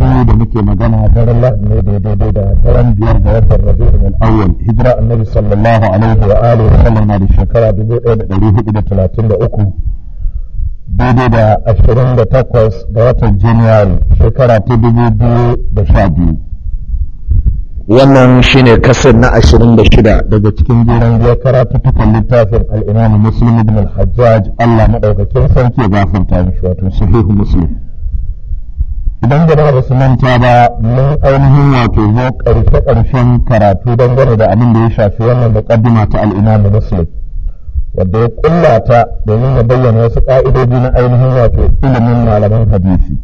yanzu da muke magana daren lahadi ne daidai da daren biyar ga watan rabi'u min awwal hijira annabi sallallahu alaihi wa alihi wa sallam na da shekara uku, daidai da ashirin da takwas da watan january shekara ta dubu biyu da sha biyu. wannan shine kasar na ashirin da shida. daga cikin gidan biyar karatu tukan littafin al'imamu muslim ibn al-hajjaj Allah madaukakin sarki ya gafarta mishi wato sahihu muslim idan gaba ba su manta ba mun ainihin wato zo ƙarshe ƙarshen karatu dangane da abin da ya shafi wannan muqaddima ta al-Imam Muslim wanda ya kulla ta domin ya bayyana wasu ƙa'idodi na ainihin wato ilimin malaman hadisi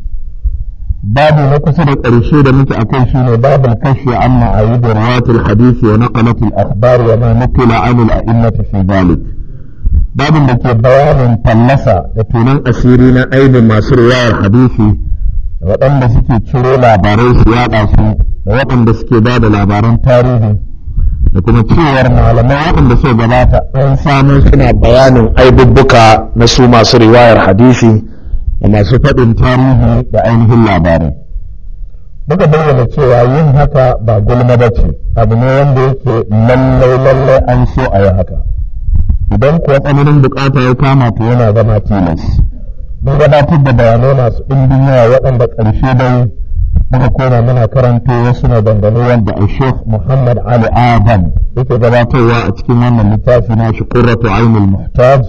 babu na kusa da ƙarshe da muke akai shine babu kashfi amma ayyub rawatul hadisi wa naqalatul akhbar wa ma nukila an al-a'immati fi dhalik babin da ke bayanin fallasa da tunan asiri na ainihin masu riwayar hadisi waɗanda suke ciro labarai su yaɗa su da waɗanda suke ba da labaran tarihi da kuma cewar malamai waɗanda suka gabata an samu suna bayanin aibubbuka na su masu riwayar hadisi da masu faɗin tarihi da ainihin labarai muka bayyana cewa yin haka ba gulma ba ce abu ne wanda yake lallai lallai an so a yi haka idan kuwa tsananin bukata ya kama to yana zama tilas mun gabatar da bayanai masu ɗimbin yawa waɗanda ƙarshe dai muka koma muna karanto wasu maganganu wanda a muhammad ali adam yake gabatarwa a cikin wannan littafi na shi ƙurratu ainul muhtaj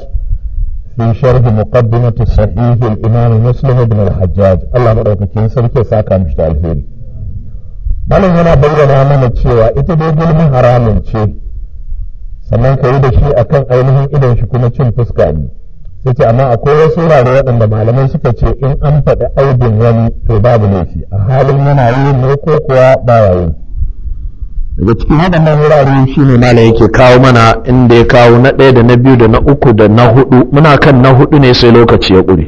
fi sharh muqaddimati sahih al-imam muslim ibn al-hajjaj Allah madaukakin sarki ya saka mishi da alheri malam yana bayyana mana cewa ita dai gulmin haramun ce sannan ka yi da shi akan ainihin idon shi kuma cin fuska ne sai ce amma akwai wasu wurare waɗanda malamai suka ce in an faɗi aibin wani to babu laifi a halin yana yi ne ko kuwa ba yi daga cikin waɗannan wurare shi ne malam yake kawo mana inda ya kawo na ɗaya da na biyu da na uku da na hudu muna kan na hudu ne sai lokaci ya ƙure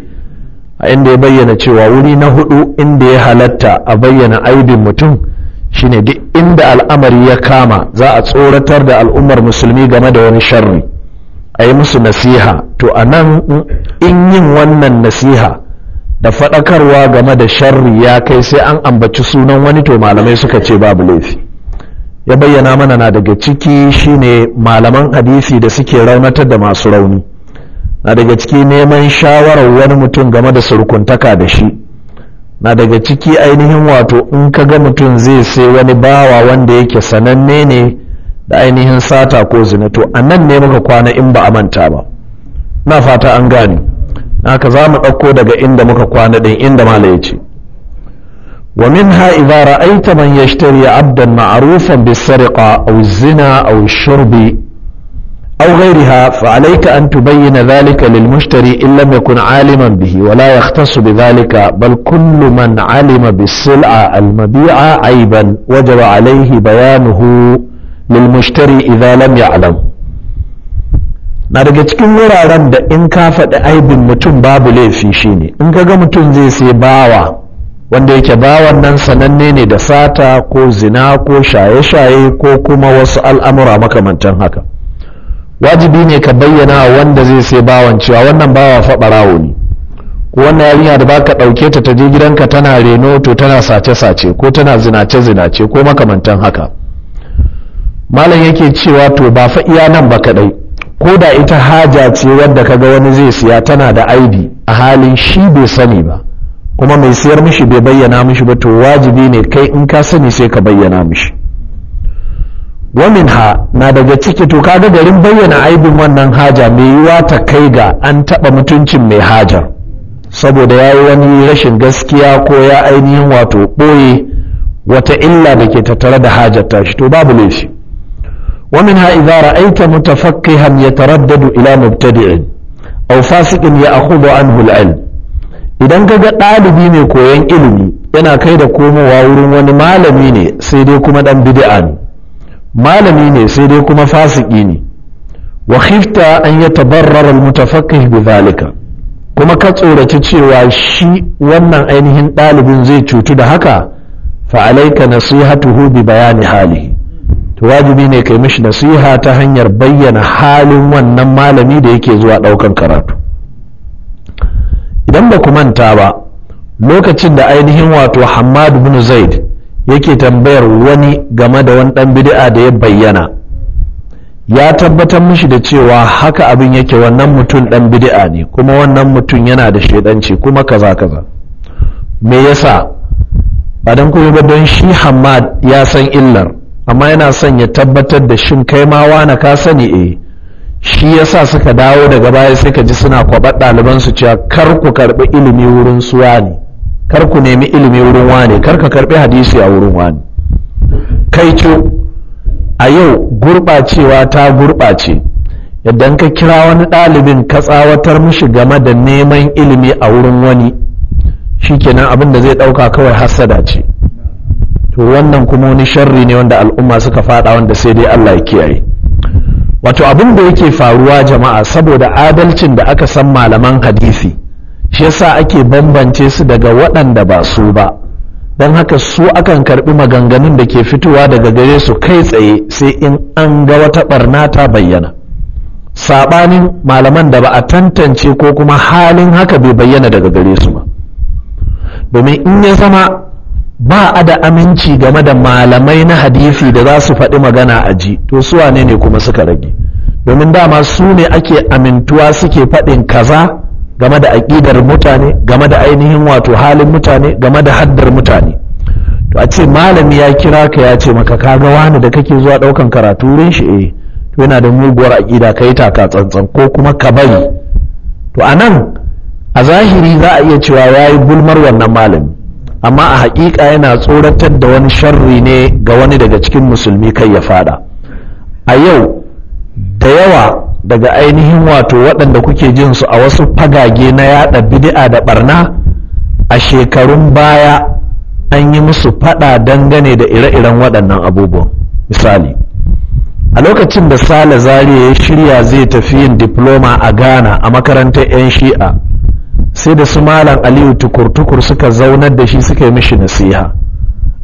a inda ya bayyana cewa wuri na hudu inda ya halatta a bayyana aibin mutum shine duk inda al'amari ya kama za a tsoratar da al'ummar musulmi game da wani sharri a yi musu nasiha to a nan in yin wannan nasiha da faɗakarwa game da sharri ya kai sai an ambaci sunan wani to malamai suka ce babu laifi ya bayyana mana na daga ciki shine malaman hadisi da suke raunatar da masu rauni na daga ciki neman shawarar wani mutum game da surkuntaka da shi na daga ciki ainihin wato in ka ga mutum zai sai wani bawa wanda yake sananne ne da ainihin sata ko zina to a ne muka kwana in ba amanta ba na fata an gane haka za mu ɗauko daga inda muka kwana din inda mala ya ce wa min ha idza ra'aita man yashtari abdan ma'rufan bis-sariqa aw zina aw shurbi aw ghayriha fa alayka an tubayyana dhalika lil-mushtari illa ma yakun 'aliman bihi wa la yahtassu bidhalika bal kullu man 'alima bis-sil'a al-mabi'a 'ayban wajaba 'alayhi bayanuhu lilmushtari mushtari idza lam na daga cikin wuraren da in ka faɗi aibin mutum babu laifi shine in ka ga mutum zai sai bawa wanda yake bawan nan sananne ne da sata ko zina ko shaye-shaye ko kuma wasu al'amura makamantan haka wajibi ne ka bayyana wanda zai sai bawan cewa wannan bawa faɓarawo ne ko wannan yarinya da baka ɗauke ta ta je gidanka tana reno to tana sace-sace ko tana zinace-zinace ko makamantan haka malam yake cewa to ba fa iya nan ba kadai ko da ita haja ce wadda kaga wani zai siya tana da aibi a halin shi bai sani ba kuma mai siyar mishi bai bayyana mishi ba to wajibi ne kai in ka sani sai ka bayyana mishi wamin ha na daga ciki to kaga garin bayyana aibin wannan haja mai yiwa ta kai ga an taɓa mutuncin mai haja saboda ya yi wani rashin gaskiya ko ya ainihin wato ɓoye wata illa da ke tattare da hajar tashi to babu laifi ومنها إذا رأيت متفقها يتردد إلى مبتدع أو فاسق يأخذ عنه العلم idan ka ga ɗalibi ne koyon ilimi yana kai da komowa wurin wani malami ne sai dai kuma ɗan bid'a ne malami ne sai dai kuma fasiki ne wa khifta an ya tabarrar almutafaqqih zalika kuma ka tsoraci cewa shi wannan ainihin ɗalibin zai cutu da haka fa alayka nasihatuhu bi bayani halihi wajibi ne kai mishi nasiha ta hanyar bayyana halin wannan malami da yake zuwa ɗaukan karatu idan ba ku manta ba lokacin da ainihin wato hamadu bin zaid yake tambayar wani game da wani ɗan bid'a da ya bayyana ya tabbatar mishi da cewa haka abin yake wannan mutum ɗan bid'a ne kuma wannan mutum yana da shaidanci kuma kaza kaza me yasa ba don kuma ba don shi hamad ya san illar amma yana son ya tabbatar da shin kai ma wane ka sani eh shi yasa suka dawo daga baya sai ka ji suna kwabar ɗaliban su cewa kar ku karɓi ilimi wurin su wani kar ku nemi ilimi wurin wani kar ka karɓi hadisi a wurin wani kai co a yau gurɓacewa ta gurɓace yadda ka kira wani ɗalibin ka tsawatar mishi game da neman ilimi a wurin wani shi kenan abin da zai ɗauka kawai hassada ce to wannan kuma wani sharri ne wanda al'umma suka fada wanda sai dai Allah ya kiyaye wato abin da yake faruwa jama'a saboda adalcin da aka san malaman hadisi shi yasa ake bambance su daga waɗanda ba su ba don haka su akan karbi maganganun da ke fitowa daga gare su kai tsaye sai in an ga wata barna ta bayyana saɓanin malaman da ba a tantance ko kuma halin haka bai bayyana daga gare su ba domin in ya zama ba a da aminci game da malamai na hadisi da za su faɗi magana a ji to su wane ne kuma suka rage domin dama su ne ake amintuwa suke faɗin kaza game da aƙidar mutane game da ainihin wato halin mutane game da haddar mutane to a ce malami ya kira ka ya ce maka kaga wani da kake zuwa ɗaukan karatu wurin shi eh to yana da muguwar aƙida ka yi taka tsantsan ko kuma ka bari to a nan a zahiri za a iya cewa ya yi gulmar wannan malami amma a haƙiƙa yana tsoratar da wani sharri ne ga wani daga cikin musulmi kai ya fada a yau da yawa daga ainihin wato waɗanda kuke jin su a wasu fagage na yada bid'a da barna a shekarun baya an yi musu fada dangane da ire-iren waɗannan abubuwan misali a lokacin da sale zariya ya shirya zai tafi yin diploma a ghana a makarantar 'yan shi'a sai da su malam aliyu tukurtukur suka zaunar da shi suka yi mishi nasiha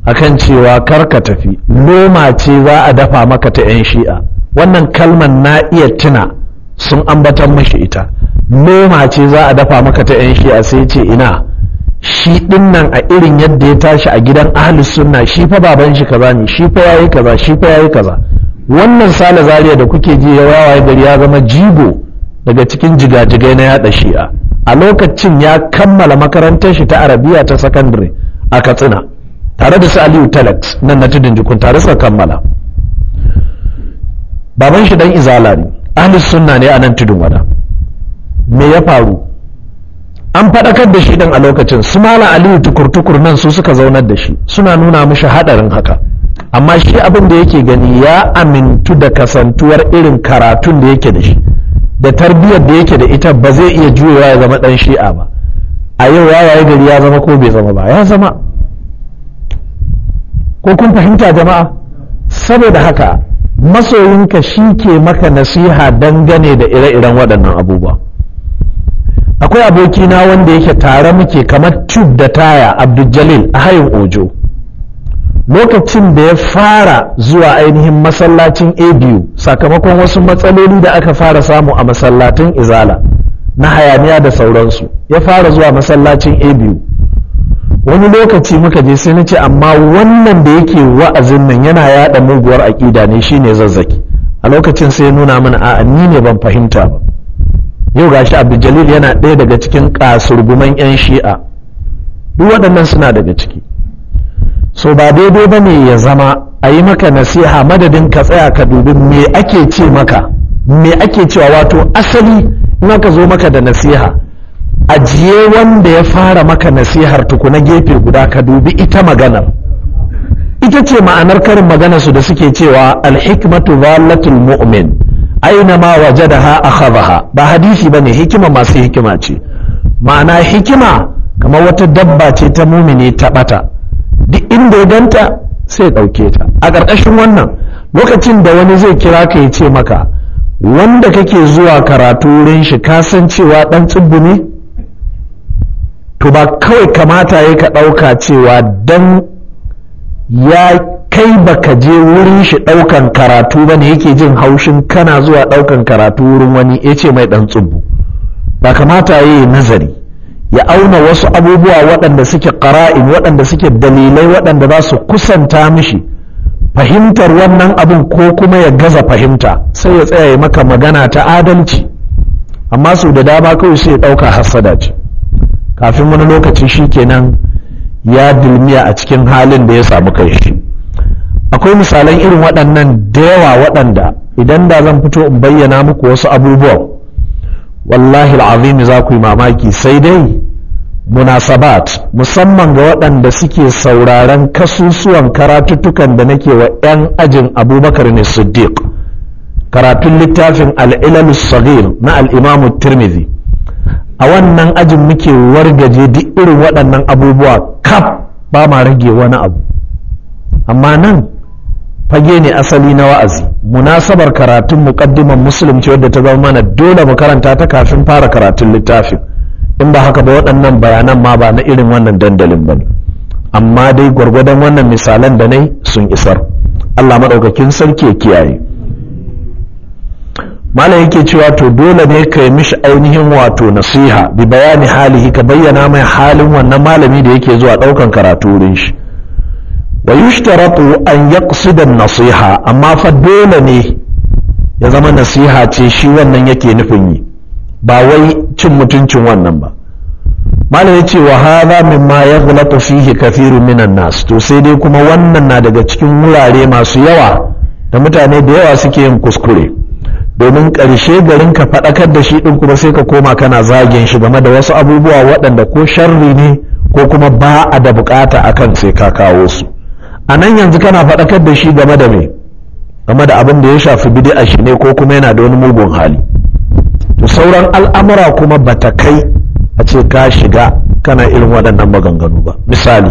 akan cewa kar ka tafi noma ce za a dafa maka ta 'yan shi'a wannan kalman na iya tuna sun ambatan mashi ita noma ce za a dafa maka ta 'yan shi'a sai ce ina shi dinnan a irin yadda ya tashi a gidan ahlus sunna shi fa baban shi kaza ne shi fa yayi kaza shi fa yayi kaza wannan sale zariya da kuke ji ya wawaye gari ya zama jigo daga cikin jigajigai na yada shi'a a lokacin ya kammala makarantar shi ta arabiya ta sakandare a katsina tare da su aliyu telex nan na tudun jikun tare suka kammala baban shi dan izala ne ahli sunna ne a nan tudun wada me ya faru an faɗakar da shi dan a lokacin su mala aliyu tukur-tukur nan su suka zaunar da shi suna nuna mishi haɗarin haka amma shi abin da yake gani ya amintu da kasantuwar irin karatun da yake da shi da tarbiyyar da yake da ita ba zai iya juyewa ya zama dan shi'a ba a yau ya yayi gari ya zama ko bai zama ba ya zama ko kun fahimta jama'a saboda haka masoyinka shi ke maka nasiha dangane da ire-iren waɗannan abubuwa akwai abokina wanda yake tare muke kamar tube da taya abdul a hayin ojo lokacin da ya fara zuwa ainihin masallacin abu sakamakon wasu matsaloli da aka fara samu a masallatin izala na hayaniya da sauransu ya fara zuwa masallacin abu wani lokaci muka je sai na ce amma wannan da yake wa'azin nan yana yada muguwar aƙida ne shine zazzaki a lokacin sai nuna mana a ni ne ban fahimta ba yau gashi abdul yana ɗaya daga cikin kasurguman 'yan shi'a duk waɗannan suna daga ciki so ba daidai ba ne ya zama a yi maka nasiha madadin ka tsaya ka dubi me ake ce maka me ake cewa wato asali in ka zo maka da nasiha ajiye wanda ya fara maka nasihar tukuna gefe guda ka dubi ita maganar ita ce ma'anar karin maganarsu da suke cewa alhikmatu zallatul mu'min aina ma wajadaha akhadha ba hadisi bane hikima masu hikima ce ma'ana hikima kamar wata dabba ce ta mumini ta bata duk inda ya ganta sai ɗauke ta a ƙarƙashin wannan lokacin da wani zai kira ka ya ce maka wanda kake zuwa karatu wurin shi ka san cewa ɗan tsibbu ne to ba kawai kamata ya ka ɗauka cewa dan ya kai baka je wurin shi ɗaukan karatu ba ne yake jin haushin kana zuwa ɗaukan karatu wurin wani ya ce mai ɗan tsibbu ba kamata ya yi nazari ya auna wasu abubuwa waɗanda suke ƙara'in waɗanda suke dalilai waɗanda za su kusanta mishi fahimtar wannan abin ko kuma ya gaza fahimta sai ya tsaya maka magana ta adalci amma sau da dama kawai sai ya ɗauka hassada ce kafin wani lokaci shi kenan ya dulmiya a cikin halin da ya samu kai shi akwai misalan irin waɗannan da yawa waɗanda idan da zan fito in bayyana muku wasu abubuwan wallahi al'azimi za ku yi mamaki sai dai munasabat musamman ga waɗanda suke sauraren kasusuwan karatuttukan da nake wa 'yan ajin abubakar ne siddiq karatun littafin al'ilal sagir na al'imamu tirmidhi a wannan ajin muke wargaje duk irin waɗannan abubuwa kaf ba ma rage wani abu amma nan fage ne asali na wa'azi munasabar karatun muqaddiman musulunci wadda ta zama mana dole mu karanta ta kafin fara karatun littafin in ba haka ba waɗannan bayanan ma ba na irin wannan dandalin ba amma dai gwargwadon wannan misalan da nai sun isar Allah maɗaukakin sarki ya kiyaye malam yake cewa to dole ne ka yi mishi ainihin wato nasiha bi bayani halihi ka bayyana mai halin wannan malami da yake zuwa ɗaukan karatu wurin shi wa yushtaratu an yaqsida nasiha amma fa dole ne ya zama nasiha ce shi wannan yake nufin yi ba wai cin mutuncin wannan ba malam ya ce wa hadha mimma yaghlatu fihi kathirun minan nas to sai dai kuma wannan na daga cikin wurare masu yawa da mutane da yawa suke yin kuskure domin ƙarshe garin ka faɗakar da shi ɗin kuma sai ka koma kana zagin shi game da wasu abubuwa waɗanda ko sharri ne ko kuma ba a da bukata akan sai ka kawo su a nan yanzu kana faɗakar da shi game da me game da abin da ya shafi bid'a shi ne ko kuma yana da wani mugun hali to sauran al'amura kuma ba ta kai a ce ka shiga kana irin waɗannan maganganu ba misali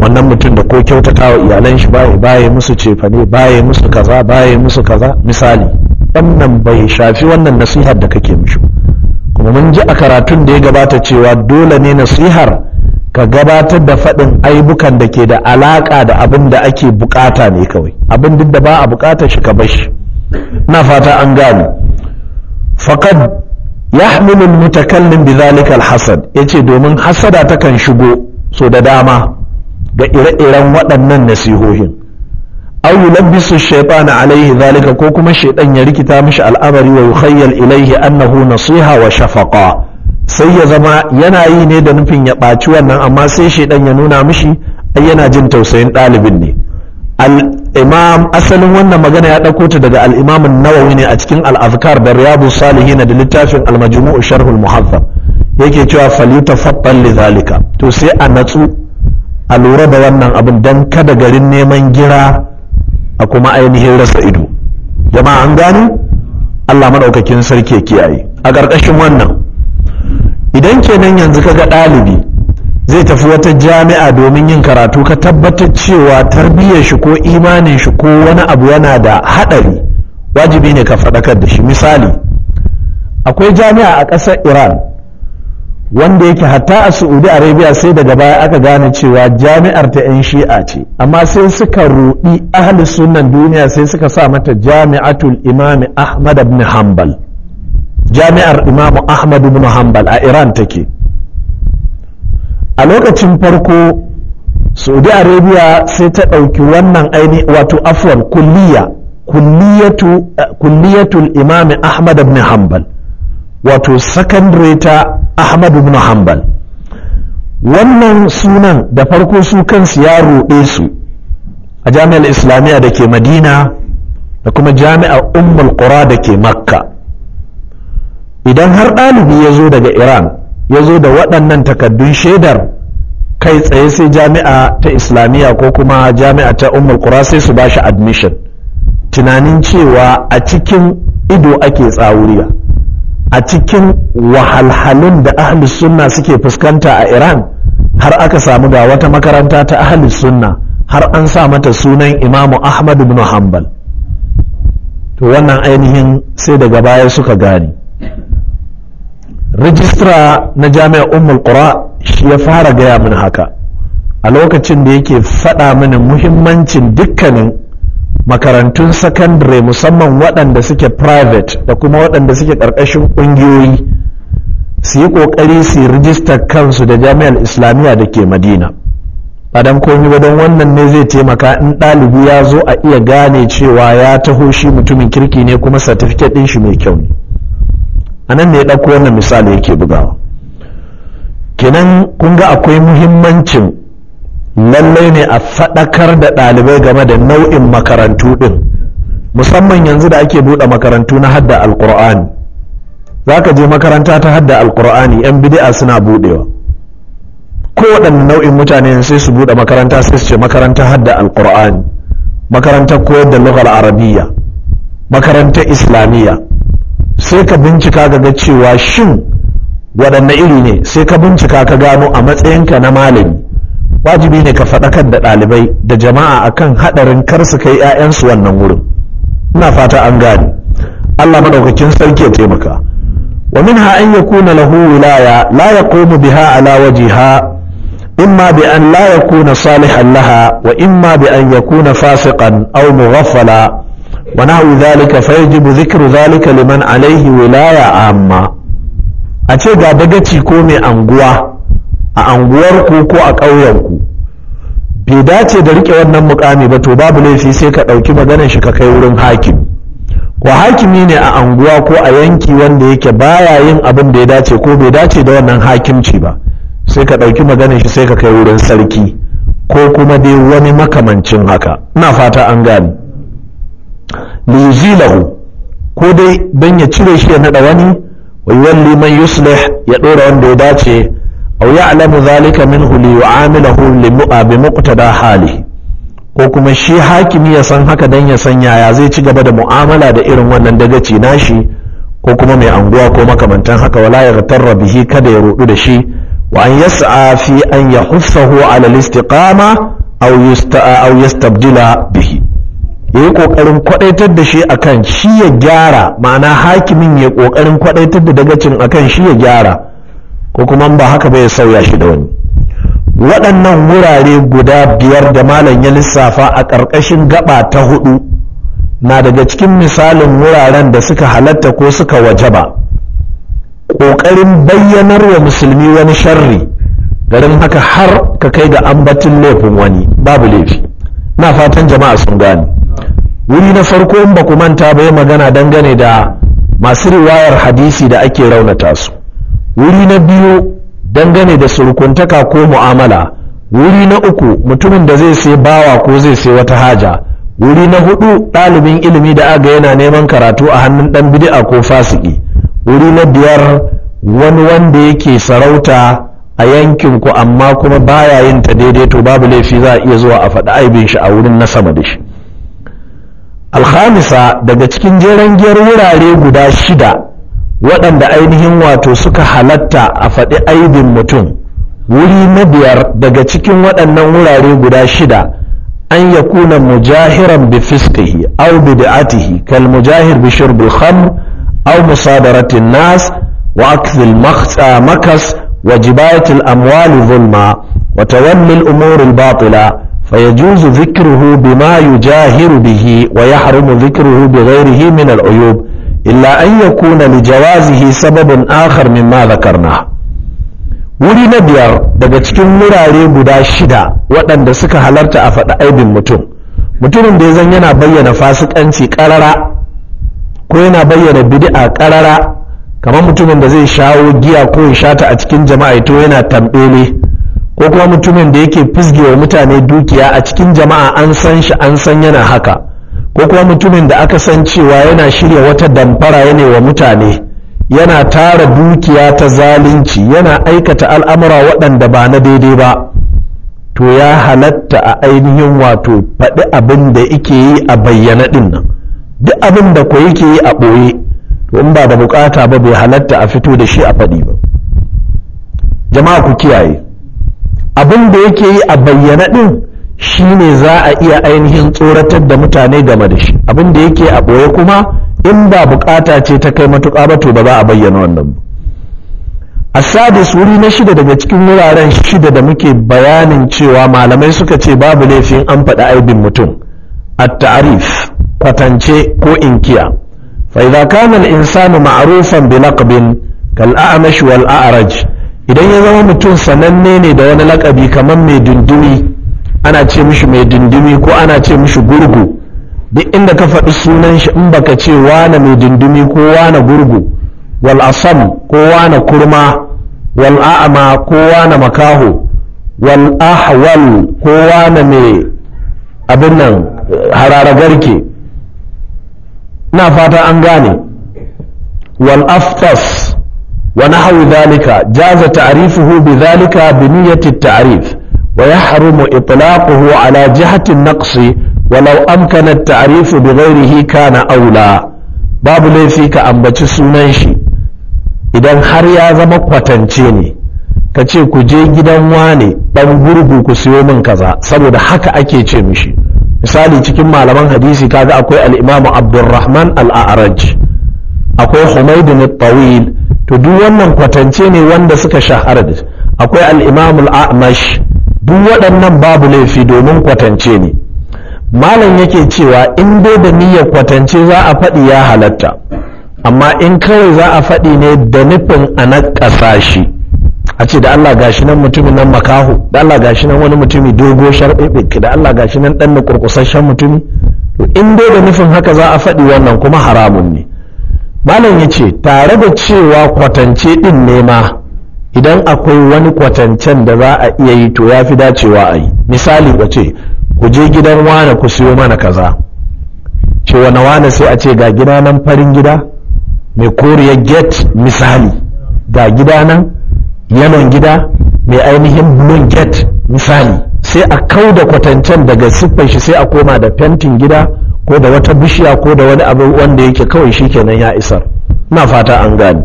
wannan mutum da ko kyautata wa iyalan shi baya baya musu cefane baya musu kaza baya musu kaza misali wannan bai shafi wannan nasihar da kake mishi kuma mun ji a karatun da ya gabata cewa dole ne nasihar ka gabatar da faɗin aibukan da ke da alaƙa da abin da ake bukata ne kawai abin duk da ba a bukata shi ka bashi na fata an gane faqad yahmilu mutakallim bi Hassan, alhasad yace domin hasada takan shigo so da dama ga ire-iren waɗannan nasihohin aw yulabbisu shaytana alaihi zalika ko kuma shaytan ya rikita mishi al'amari wa yukhayyal ilaihi annahu nasiha wa shafaqa sai ya zama yana yi ne da nufin ya ɓaci wannan amma sai shaidan ya nuna mishi ai yana jin tausayin ɗalibin ne al asalin wannan magana ya ɗauko ta daga al-imam nawawi ne a cikin al-azkar da salihi salihin da littafin al-majmu'u sharhul muhazzab yake cewa falita fattan li zalika to sai a natsu a lura da wannan abin dan kada garin neman gira a kuma ainihin rasa ido jama'a an gani Allah madaukakin sarki ya kiyaye a ƙarƙashin wannan idan kenan yanzu ka ga ɗalibi zai tafi wata jami'a domin yin karatu ka tabbatar cewa tarbiyyar shi ko imanin shi ko wani abu yana da haɗari wajibi ne ka faɗakar da shi misali akwai jami'a a ƙasar iran wanda yake hatta a saudi arabia sai daga baya aka gane cewa jami'ar ta 'yan shi'a ce amma sai suka ruɗi ahli sunan duniya sai suka sa mata jami'atul imami ahmad ibn hanbal jami'ar imamu ahmad ibn hanbal a iran take a lokacin farko saudi arabia sai ta ɗauki wannan aini wato afwan kulliya eh, kulliyatul kulliyatu ahmad ibn hanbal wato secondary ta ahmad ibn hanbal wannan sunan da farko su kansu ya roɗe su a jami'ar islamiyya da ke madina da kuma jami'ar ummul qura da ke makka idan har ɗalibi ya zo daga iran ya zo da waɗannan takaddun shaidar kai tsaye sai jami'a ta islamiyya ko kuma jami'a ta umar kura sai su ba shi admission tunanin cewa a cikin ido ake tsawuriya a cikin wahalhalun da ahlus sunna suke fuskanta a iran har aka samu ga wata makaranta ta ahlus sunna har an sa mata sunan imamu ahmad bin hanbal to wannan ainihin sai daga baya suka gane rijistra na jami'a ummul qura shi ya fara gaya mini haka a lokacin da yake faɗa mini muhimmancin dukkanin makarantun sakandare musamman waɗanda suke private da kuma waɗanda suke ƙarƙashin ƙungiyoyi su yi ƙoƙari su yi rijistar kansu da jami'ar islamiyya da ke madina ba don komi ba don wannan ne zai taimaka in ɗalibi ya zo a iya gane cewa ya taho shi mutumin kirki ne kuma satifiket ɗin shi mai kyau ne a nan ne ya ɗauko wannan misali yake bugawa kenan kun ga akwai muhimmancin lallai ne a faɗakar da ɗalibai game da nau'in makarantu ɗin musamman yanzu da ake buɗe makarantu na hadda alƙur'ani za ka je makaranta ta hadda alƙur'ani 'yan bidi'a suna buɗewa kowaɗanne nau'in mutane sai su buɗe makaranta sai su ce makaranta hadda alƙur'ani makarantar koyar da lokal arabiyya makarantar islamiyya sai ka bincika ka ga cewa shin waɗanne iri ne sai ka bincika ka gano a matsayinka na malami wajibi ne ka faɗakar da ɗalibai da jama'a akan haɗarin kar su kai 'ya'yansu wannan wurin ina fata an gane Allah madaukakin sarki ya taimaka wa ha an yakuna lahu wilaya la yaqumu biha ala wajiha imma bi an la yakuna salihan laha wa imma bi an yakuna fasiqan aw mughaffala ونحو ذلك فيجب ذكر ذلك liman alaihi wilaya amma a ce ga dagaci ko mai anguwa a anguwarku ko a ƙauyenku bai dace da rike wannan mukami ba to babu laifi sai ka ɗauki maganar shi ka kai wurin hakim wa hakimi ne a anguwa ko a yanki wanda yake baya yin abin da ya dace ko bai dace da wannan hakimci ba sai ka ɗauki maganar shi sai ka kai wurin sarki ko kuma dai wani makamancin haka ina fata an gani liyuzilahu ko dai don ya cire shi ya naɗa wani wa yuwalli man yuslih ya dora wanda ya dace aw alamu zalika minhu li yu'amilahu bi muqtada hali ko kuma shi hakimi ya san haka dan ya san yaya zai ci gaba da mu'amala da irin wannan dagaci nashi ko kuma mai anguwa ko makamantan haka wala ya tarra bihi kada ya rudu da shi wa an yas'a fi an yahuffahu ala al-istiqama aw yusta'a aw yastabdila bihi ya yi ƙoƙarin kwaɗaitar da shi a kan shi ya gyara ma'ana hakimin ya ƙoƙarin kwaɗaitar da dagacin kan shi ya gyara ko kuma ba haka ba ya sauya shi da wani waɗannan wurare guda biyar da malam ya lissafa a ƙarƙashin gaba ta hudu na daga cikin misalin wuraren da suka halatta ko suka waje ba. ƙoƙarin bayyanar wa musulmi wani sharri garin haka har ka kai ga ambatin laifin wani babu laifi na fatan jama'a sun gane wuri na farko ba ku manta ba ya magana dangane da masu riwayar hadisi da ake raunata su wuri na biyu dangane da surkuntaka ko mu'amala wuri na uku mutumin da zai sai bawa ko zai sai wata haja wuri na hudu ɗalibin ilimi da aga yana neman karatu a hannun ɗan bid'a ko fasiki wuri na biyar wani wanda yake sarauta a yankin ku amma kuma baya yin ta daidai to babu laifi za a iya zuwa a faɗi aibin shi a wurin na sama da shi alhamisa daga cikin jeren giyar wurare guda shida waɗanda ainihin wato suka halatta a faɗi aibin mutum wuri na biyar daga cikin waɗannan wurare guda shida an ya kuna mujahiran bi fiskihi au bid'atihi kal mujahir bi shurbil khamr au musadaratin nas wa akthil makas wa jibayatil amwali zulma wa tawallil al batila fa ذكره بما يجاهر به bihi wa بغيره من العيوب إلا أن يكون illa an آخر مما jawazihi wuri na biyar daga cikin wurare guda shida waɗanda suka halarta a faɗi aibin mutum mutumin da ya zan yana bayyana fasikanci ƙarara ko yana bayyana bid'a ƙarara kamar mutumin da zai shawo giya ko ya shata a cikin jama'a to yana tambele ko kuma mutumin da yake wa mutane dukiya a cikin jama'a an san shi an san yana haka ko kuma mutumin da aka san cewa yana shirya wata damfara yane wa mutane yana tara dukiya ta zalunci yana aikata al'amura waɗanda ba na daidai ba to ya halatta a ainihin wato faɗi abin da yake yi a bayyana ɗin nan duk abin da ko yake yi a ɓoye to in ba da bukata ba bai halatta a fito da shi a faɗi ba jama'a ku kiyaye abin da yake yi a bayyana ɗin shine za a iya ainihin tsoratar da mutane game da shi abin da yake a ɓoye kuma in ba bukata ce ta kai matuƙa ba to ba za a bayyana wannan ba asadis wuri na shida daga cikin wuraren shida da muke bayanin cewa malamai suka ce babu laifin an faɗi aibin mutum a ta'arif kwatance ko inkiya fa idza kana al insanu ma'rufan bi laqbin kal a'mash wal a'raj idan ya zama mutum sananne ne da wani lakabi kamar mai dundumi ana ce mishi mai dundumi ko ana ce mishi gurgu duk inda ka faɗi sunan shi in baka ce wane mai dundumi ko wane gurgu wal asam ko wane kurma wal a'ama ko wane makaho wal ahwal ko wane mai abin nan hararagarke Ina fata an gane wal aftas Wani hau jaza ونحو ذلك جاز تعريفه بذلك بنية التعريف ويحرم إطلاقه على جهة النقص na أمكن التعريف بغيره na aula? babu laifi ka ambaci sunan shi idan har ya zama kwatance ne ka ce ku je gidan wane ɗan gurgu ku siyo min kaza saboda haka ake ce shi. misali cikin malaman hadisi kaga akwai al'imamu abdurrahman al'araj akwai humaydun tawil to duk wannan kwatance ne wanda suka shahara da akwai al'imamul amash duk waɗannan babu laifi domin kwatance ne malam yake cewa in dai da niyyar kwatance za a faɗi ya halatta amma in kawai za a faɗi ne da nufin a na ƙasa shi a ce da Allah gashi nan mutumin nan makaho da Allah gashi nan wani mutumi dogo sharɓiɓi da Allah gashi nan ɗan ƙurƙusasshen mutumi to in dai da nufin haka za a faɗi wannan kuma haramun ne malam ya ce tare da cewa kwatance ɗin nema idan akwai wani kwatancen da za a iya yi to ya fi dacewa a yi misali ka ce ku je gidan wane ku siyo mana kaza ce wane wane sai a ce ga gida nan farin gida mai koriyar get misali ga gida nan yanon gida mai ainihin blue get misali sai a kau da kwatancen daga siffar shi sai a koma da fentin gida ko da wata bishiya ko da wani abu wanda yake kawai shikenan ya isar na fata an gani.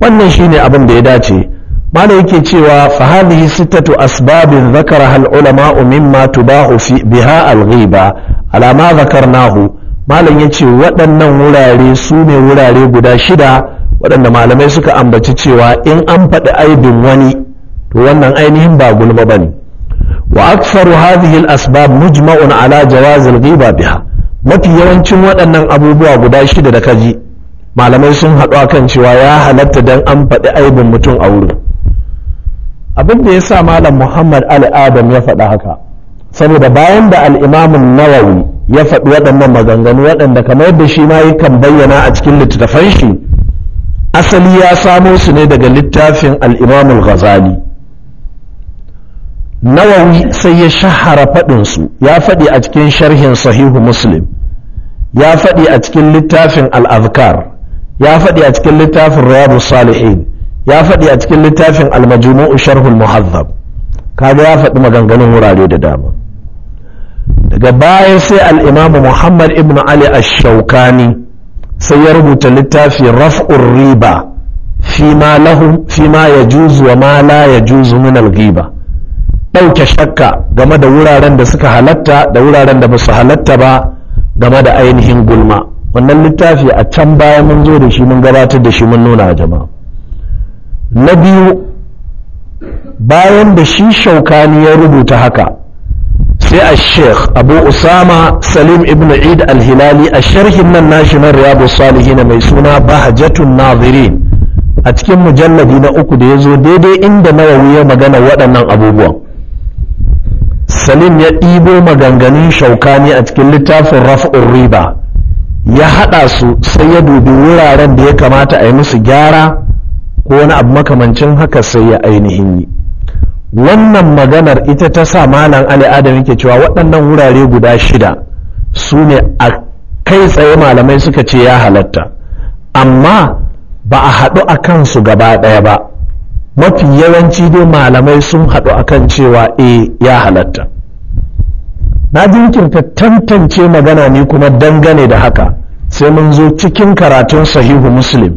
wannan shine abin da ya dace malam yake cewa fa hadhihi sittatu asbabin dhakaraha hal ulama ma tubahu fi biha al alama ala ma dhakarnahu malam yace waɗannan wurare su ne wurare guda shida waɗanda malamai suka ambaci cewa in an faɗi aibin wani to wannan ainihin ba gulma bane wa aksaru hadhihi al asbab mujma'un ala jawaz al ghiba biha mafi yawancin waɗannan abubuwa guda shida da kaji malamai sun haɗu a kan cewa ya halatta don an faɗi aibin mutum a wurin abin da ya sa malam muhammad al'adam ya faɗa haka saboda bayan da al'imamin nawawi ya faɗi waɗannan maganganu waɗanda kamar yadda shi ma kan bayyana a cikin littattafan shi asali ya samo su ne daga littafin al'imamul ghazali nawawi sai ya shahara faɗinsu ya faɗi a cikin sharhin sahihu muslim ya faɗi a cikin littafin al'azkar ya faɗi a cikin littafin riyadu salihin ya faɗi a cikin littafin almajumu'u sharhul muhazzab kaga ya faɗi maganganun wurare da dama daga baya sai al'imamu muhammad ibn ali ash-shaukani sai ya rubuta littafi raf'ur riba fi ma lahum fi ma wa ma la juzu min al-ghiba ɗauke shakka game da wuraren da suka halatta da wuraren da basu su halatta ba game da ainihin gulma wannan littafi a can baya mun zo da shi mun gabatar da shi mun nuna a jama'a na biyu bayan da shi shaukani ya rubuta haka sai a sheikh abu usama salim ibn id al-hilali a sharhin nan nashi na Salihi salihin mai suna bahajatun nazirin a cikin mujalladi na uku da ya zo daidai inda nawawi ya magana waɗannan abubuwan salim ya ɗibo maganganun shaukani a cikin littafin raf'un riba ya haɗa su sai ya dubi wuraren da ya kamata a yi musu gyara ko wani abu makamancin haka sai ya ainihin yi wannan maganar ita ta sa malam ali adam yake cewa waɗannan wurare guda shida su ne a kai tsaye malamai suka ce ya halatta amma ba a haɗu a kansu gaba ɗaya ba mafi yawanci dai malamai sun haɗu a kan cewa e ya halatta na jinkirta tantance magana ne kuma dangane da haka sai mun zo cikin karatun sahihu muslim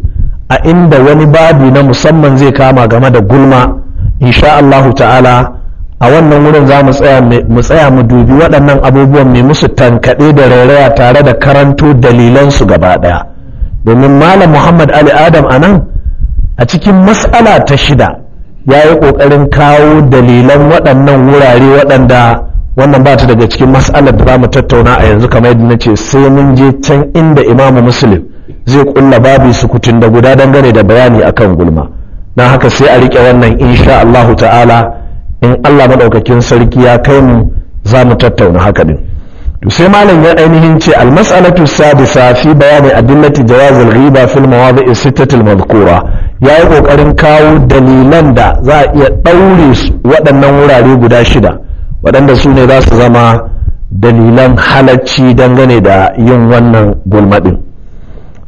a inda wani babi na musamman zai kama game da gulma insha Allahu ta'ala a wannan wurin za mu tsaya mu dubi waɗannan abubuwan mai musu tankaɗe da rairaya tare da karanto dalilansu gaba ɗaya domin malam muhammad ali adam a nan a cikin mas'ala ta shida ya yi ƙoƙarin kawo dalilan waɗannan wurare waɗanda wannan ba ta daga cikin mas'alar da za mu tattauna a yanzu kamar yadda na ce sai mun je can inda imamu muslim zai kulla babu sukutun da guda dangane da bayani akan gulma na haka sai a riƙe wannan insha Allah ta'ala in Allah maɗaukakin sarki ya kai mu za mu tattauna haka din to sai malam ya ainihin ce al mas'alatu sadisa fi bayani adillati jawaz ghiba fil mawadi' sittati al madhkura ya yi ƙoƙarin kawo dalilan da za a iya ɗaure waɗannan wurare guda shida waɗanda su ne za su zama dalilan halacci dangane da yin wannan gulmaɗin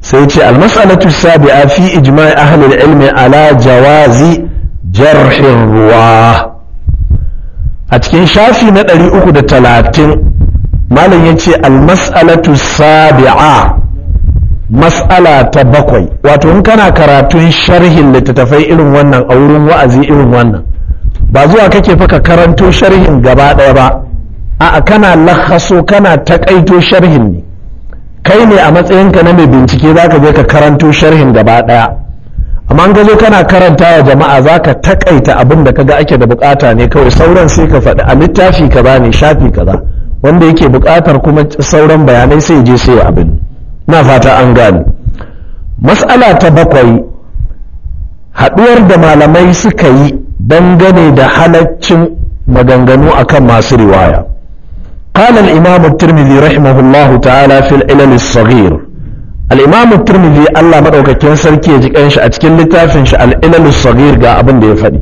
sai ce almasalatu sabi'a fi ijma'i ahlul ilmi ala jawazi jarhin ruwa a cikin shafi na 330 malam ya ce almasalatu sabi'a mas'ala ta bakwai wato in kana karatun sharhin littattafai irin wannan a wurin wa'azi irin wannan ba zuwa kake fa ka karanto sharhin gaba ɗaya ba a kana lahaso kana takaito sharhin ne kai ne a matsayinka na mai bincike za ka je ka karanto sharhin gaba ɗaya amma an gazo kana karanta wa jama'a za ka takaita abin da ka ga ake da bukata ne kawai sauran sai ka faɗi a littafi kaza ne shafi kaza wanda yake bukatar kuma sauran bayanai sai je sai abin na fata an gani mas'ala ta bakwai haɗuwar da malamai suka yi dangane da halaccin maganganu akan masu riwaya qala al-imam at-tirmidhi rahimahullahu ta'ala fi al-ilal as Allah madaukakin sarki ji kan shi a cikin littafin shi al-ilal ga abin da ya faɗi.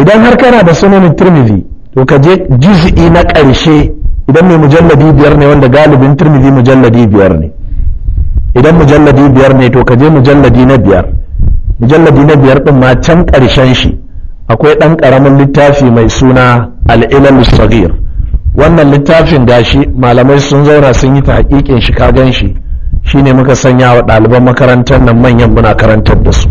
idan har kana da sunan at to ka je juz'i na karshe idan mai mujalladi biyar ne wanda galibin tirmidhi mujalladi biyar ne idan mujalladi biyar ne to ka je mujalladi na biyar mujalladi na biyar din ma can ƙarshen shi akwai ɗan ƙaramin littafi mai suna al'ilal sagir wannan littafin shi malamai sun zauna sun yi ta hakikin shi ka gan shi shine muka sanya wa ɗaliban makarantar nan manyan muna karantar da su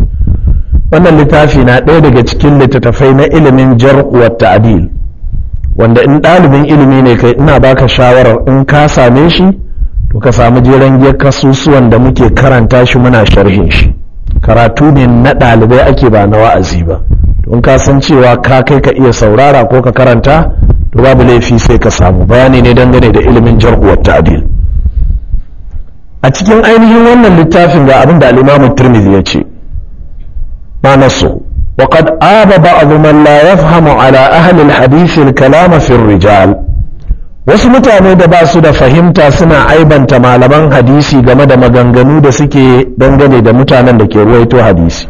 wannan littafi na ɗaya daga cikin littattafai na ilimin jar'uwar ta'adil wanda in ɗalibin ilimi ne kai ina baka shawarar in ka same shi to ka samu jeren giyar kasusuwan da muke karanta shi muna sharhin shi karatu ne na ɗalibai ake ba na wa'azi ba in ka san cewa ka kai ka iya saurara ko ka karanta to babu laifi sai ka samu bayani ne dangane da ilimin jarhuwar ta'adil a cikin ainihin wannan littafin ga abin da al'imamu turmizi ya ce ma nasu وقد آب بعض من لا يفهم على أهل الحديث الكلام في الرجال wasu mutane da ba su da fahimta suna aibanta malaman hadisi game da maganganu da suke dangane da mutanen da ke ruwaito hadisi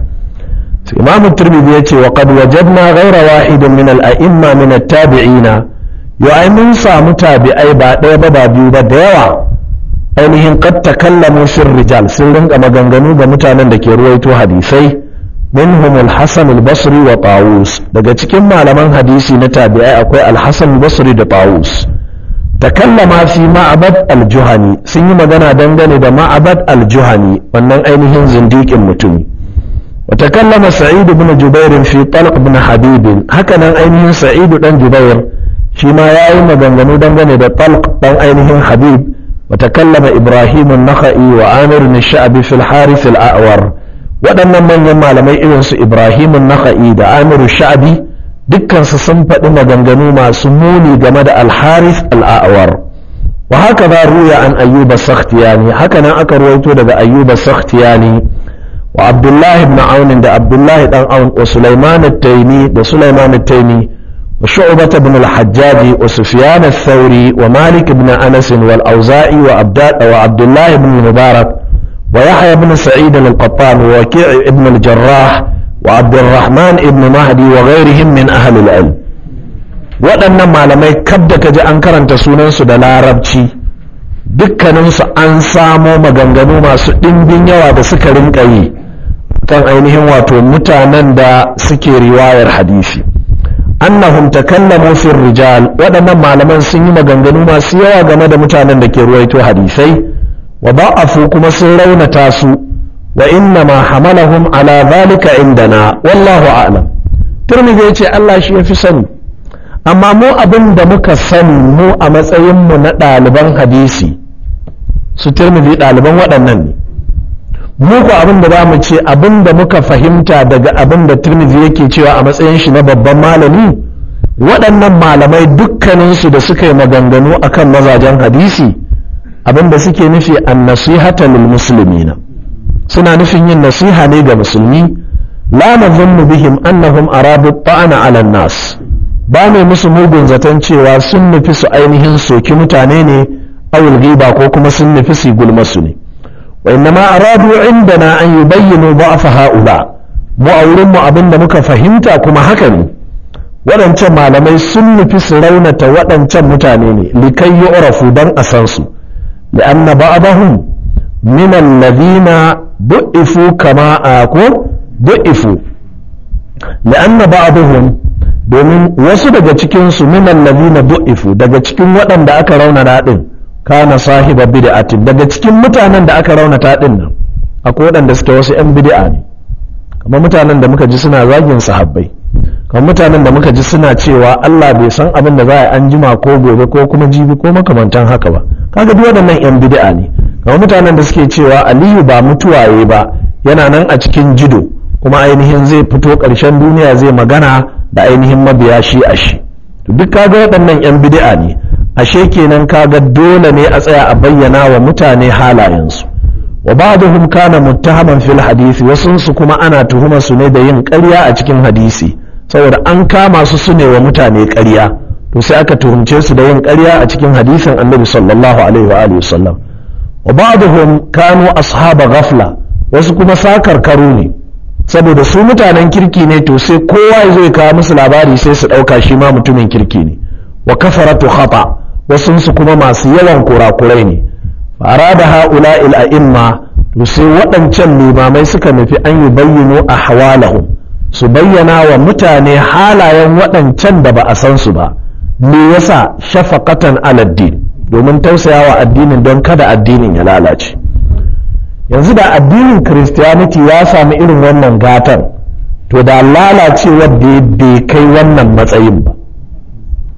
imam turmidi ya ce wa qad wajadna ghayra wahidin min al-a'imma min at-tabi'ina yo ai mun samu tabi'ai ba ɗaya ba ba biyu ba da yawa ainihin qad takallamu fir rijal sun rinka maganganu ga mutanen da ke ruwaito hadisai منهم الحسن البصري وطاووس daga cikin malaman hadisi na tabi'ai akwai al-Hasan basri da Pawus. takallama fi ma'abad al-juhani sun yi magana dangane da ma'abad al-juhani wannan ainihin zindikin mutumi wa takallama sa'id ibn jubair fi talq ibn habib haka nan ainihin sa'id dan jubair shi ma yayi maganganu dangane da talq dan ainihin habib wa takallama ibrahim an-nakhai wa amir an-sha'bi fi al-harith al-a'war waɗannan manyan malamai irin su ibrahim an-nakhai da amir shabi dukkansu sun faɗi maganganu masu muni game da alharis al'awar wa haka ba ruya an ayyuba sakhtiyani haka nan aka ruwaito daga ayyuba sakhtiyani wa abdullahi ibn da abdullahi dan aun wa sulaiman at-taymi da sulaiman at-taymi wa shu'bah ibn al-hajjaj wa sufyan ath-thawri wa malik ibn anas wal auza'i wa abdad wa abdullahi ibn mubarak wa yahya ibn sa'id al-qattan wa waqi' ibn al-jarrah وعبد الرحمن ابن مهدي وغيرهم من أهل العلم waɗannan malamai kadda ka ji an karanta sunansu da larabci dukkaninsu an samo maganganu masu ɗimbin yawa da suka rinka yi kan ainihin wato mutanen da suke riwayar hadisi annahum takallamu fi rijal waɗannan malaman sun yi maganganu masu yawa game da mutanen da ke ruwaito hadisai wa ba'afu kuma sun raunata su wa inna ma hamalahum ala zalika na wallahu a'lam turmizi yace Allah shi ya fi sani amma mu abin da muka sani mu a matsayinmu na ɗaliban hadisi su turmizi ɗaliban waɗannan ne mu ku abin mu ce abinda muka fahimta daga abinda da turmizi yake cewa a matsayin shi na babban malami waɗannan malamai dukkaninsu da suka yi maganganu akan mazajen hadisi abinda suke nufi an nasihata musulmi na. suna nufin yin nasiha ne ga musulmi la nazunnu bihim annahum arabu ta'ana 'ala nas ba mai musu mugun zaton cewa sun nufi su ainihin soki mutane ne awul ghiba ko kuma sun nufi su gulma su ne wa innama aradu indana an yubayyinu da'fa ha'ula mu a wurin mu abin da muka fahimta kuma haka ne waɗancan malamai sun nufi su raunata waɗancan mutane ne likai yu'rafu don a san su li'anna ba'dahum min alladhina du'ifu kama a ko du'ifu la'anna ba'dhum domin wasu daga cikin su min alladhina du'ifu daga cikin waɗanda aka raunana din kana sahiba bid'atin daga cikin mutanen da aka raunata din nan akwai waɗanda suke wasu ƴan bid'a ne kamar mutanen da muka ji suna zagin sahabbai kamar mutanen da muka ji suna cewa Allah bai san abin da za a yi anjima ko gobe ko kuma jibi ko makamantan haka ba kaga duk waɗannan ƴan bid'a ne kamar mutanen da suke cewa aliyu ba mutuwaye ba yana nan a cikin jido kuma ainihin zai fito karshen duniya zai magana da ainihin mabiya shi a shi duk kaga waɗannan 'yan bid'a ne ashe kenan kaga dole ne a tsaya a bayyana wa mutane halayensu wa bada na muttahaman fil hadisi wasunsu kuma ana tuhuma su ne da yin karya a cikin hadisi saboda an kama su su ne wa mutane karya, to sai aka tuhumce su da yin karya a cikin hadisin annabi sallallahu alaihi wa alihi wa ba'dhum kanu ashaba ghafla wasu kuma sakar ne saboda su mutanen kirki ne to sai kowa ya zo ya kawo musu labari sai su ɗauka shi ma mutumin kirki ne wa kafaratu khata wasu su kuma masu yawan kurakurai ne fara da ha'ula a'imma to sai waɗancan limamai suka nufi an yi bayyano a hawalahu su bayyana wa mutane halayen waɗancan da ba a san su ba me yasa shafaqatan aladdin domin tausaya wa addinin don kada addinin ya lalace yanzu da addinin christianity ya sami irin wannan gatan to da lalacewar da bai kai wannan matsayin ba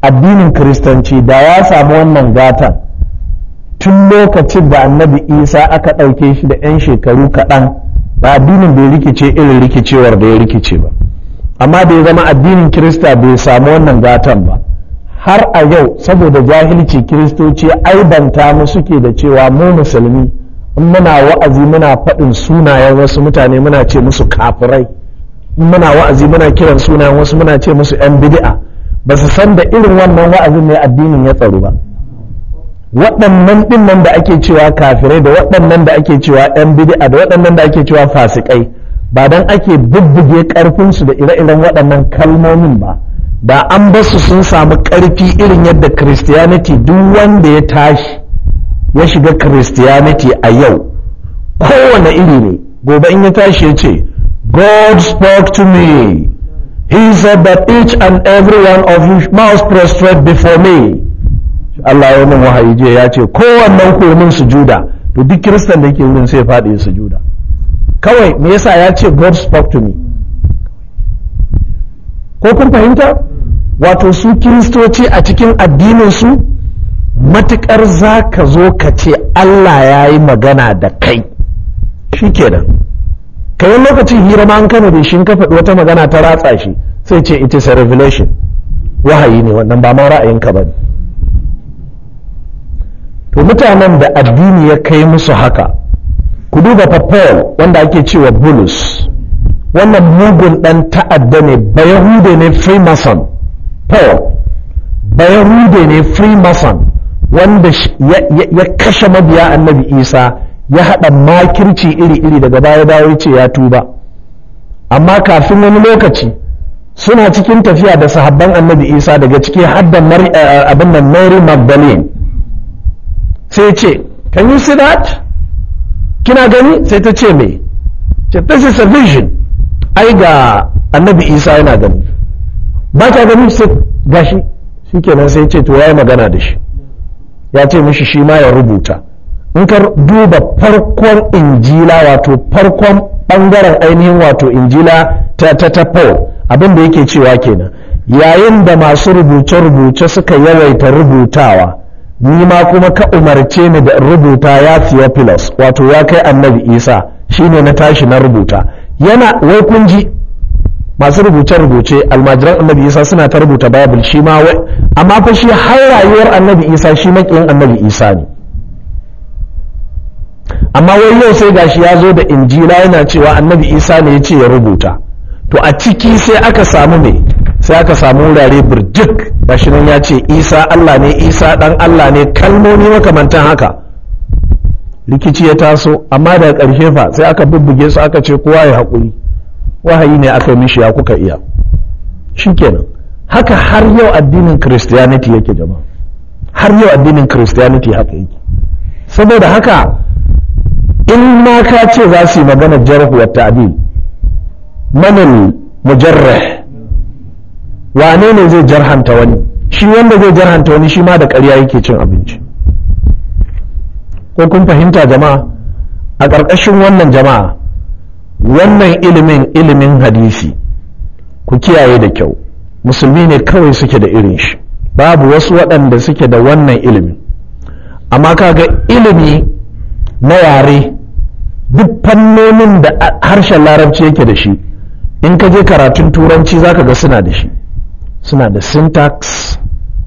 addinin kiristanci da ya sami wannan gatan tun lokacin da annabi isa aka ɗauke shi da 'yan shekaru kaɗan ba addinin bai rikice irin rikicewar da ya rikice ba amma bai zama addinin kirista bai samu wannan gatan ba har a yau saboda jahilci kiristoci aibanta mu suke da cewa mu musulmi in muna wa'azi muna faɗin sunayen wasu mutane muna ce musu kafirai in muna wa'azi muna kiran sunayen wasu muna ce musu 'yan bid'a ba su san da irin wannan wa'azin ne addinin ya tsaro ba waɗannan ɗin nan da ake cewa kafirai da waɗannan da ake cewa 'yan bid'a da waɗannan da ake cewa fasikai ba don ake bubbuge ƙarfinsu da ire-iren waɗannan kalmomin ba da an basu sun samu ƙarfi irin yadda christianity duk wanda ya tashi ya shiga christianity a yau kowane iri ne gobe in ya tashi ya ce god spoke to me he said that each and every one of you must prostrate before me Allah ya min wahayi je ya ce kowanne ku min sujuda to duk kiristan da yake wurin sai faɗi sujuda kawai me yasa ya ce god spoke to me ko kun fahimta wato su kiristoci a cikin addininsu matuƙar za ka zo ka ce Allah ya yi magana da kai shi kenan kayan lokacin hira ma an kano da shi faɗi wata magana ta ratsa shi sai ce it is a revelation wahayi ne wannan ba ma ra'ayinka ba ne to mutanen da addini ya kai musu haka ku duba Papel wanda ake cewa bulus wannan mugun ɗan ta'adda ne bayahude ne freemason to bayarude ne freemason wanda ya kashe mabiya annabi isa ya haɗa makirci iri-iri daga baya baya ce ya tuba amma kafin wani lokaci suna cikin tafiya da sahabban annabi isa daga ciki hadda eh, eh, abin da mary magdalene sai ce can you see that kina gani sai ta ce mai ce this is a vision ai ga annabi isa yana gani ba ka ganin sai gashi shi kenan sai ce to ya yi magana da shi ya ce mishi shi ma ya rubuta in ka duba farkon injila wato farkon bangaren ainihin wato injila ta ta ta abin da yake cewa kenan yayin da masu rubuce-rubuce suka yawaita rubutawa ni ma kuma ka umarce ni da rubuta ya theophilus wato ya kai annabi isa shine na tashi na rubuta yana wai kun ji masu rubuce-rubuce almajiran annabi isa suna ta rubuta bible shi ma amma fa shi har rayuwar annabi isa shi makiyin annabi isa ne amma wai yau sai gashi ya zo da injila yana cewa annabi isa ne ya ce ya rubuta to a ciki sai aka samu ne sai aka samu wurare birjik gashi nan ya ce isa allah ne isa dan allah ne kalmomi makamantan haka rikici ya taso amma daga ƙarshe fa sai aka bubbuge su aka ce kowa ya haƙuri wahayi ne aka mishi ya kuka iya shikenan haka har yau addinin christianity yake jama'a har yau addinin christianity haka yake saboda haka in ma ka ce za su yi maganar jarhu wa ta'dil manal mujarrah wane ne zai jarhanta wani shi wanda zai jarhanta wani shi ma da ƙarya yake cin abinci ko kun fahimta jama'a a ƙarƙashin wannan jama'a wannan ilimin ilimin hadisi ku kiyaye da kyau musulmi ne kawai suke da irin shi babu wasu waɗanda suke da wannan ilimi. amma kaga ilimi na yare duk fannonin da harshen larabci yake da shi in ka je karatun turanci za ka ga suna da shi suna da syntax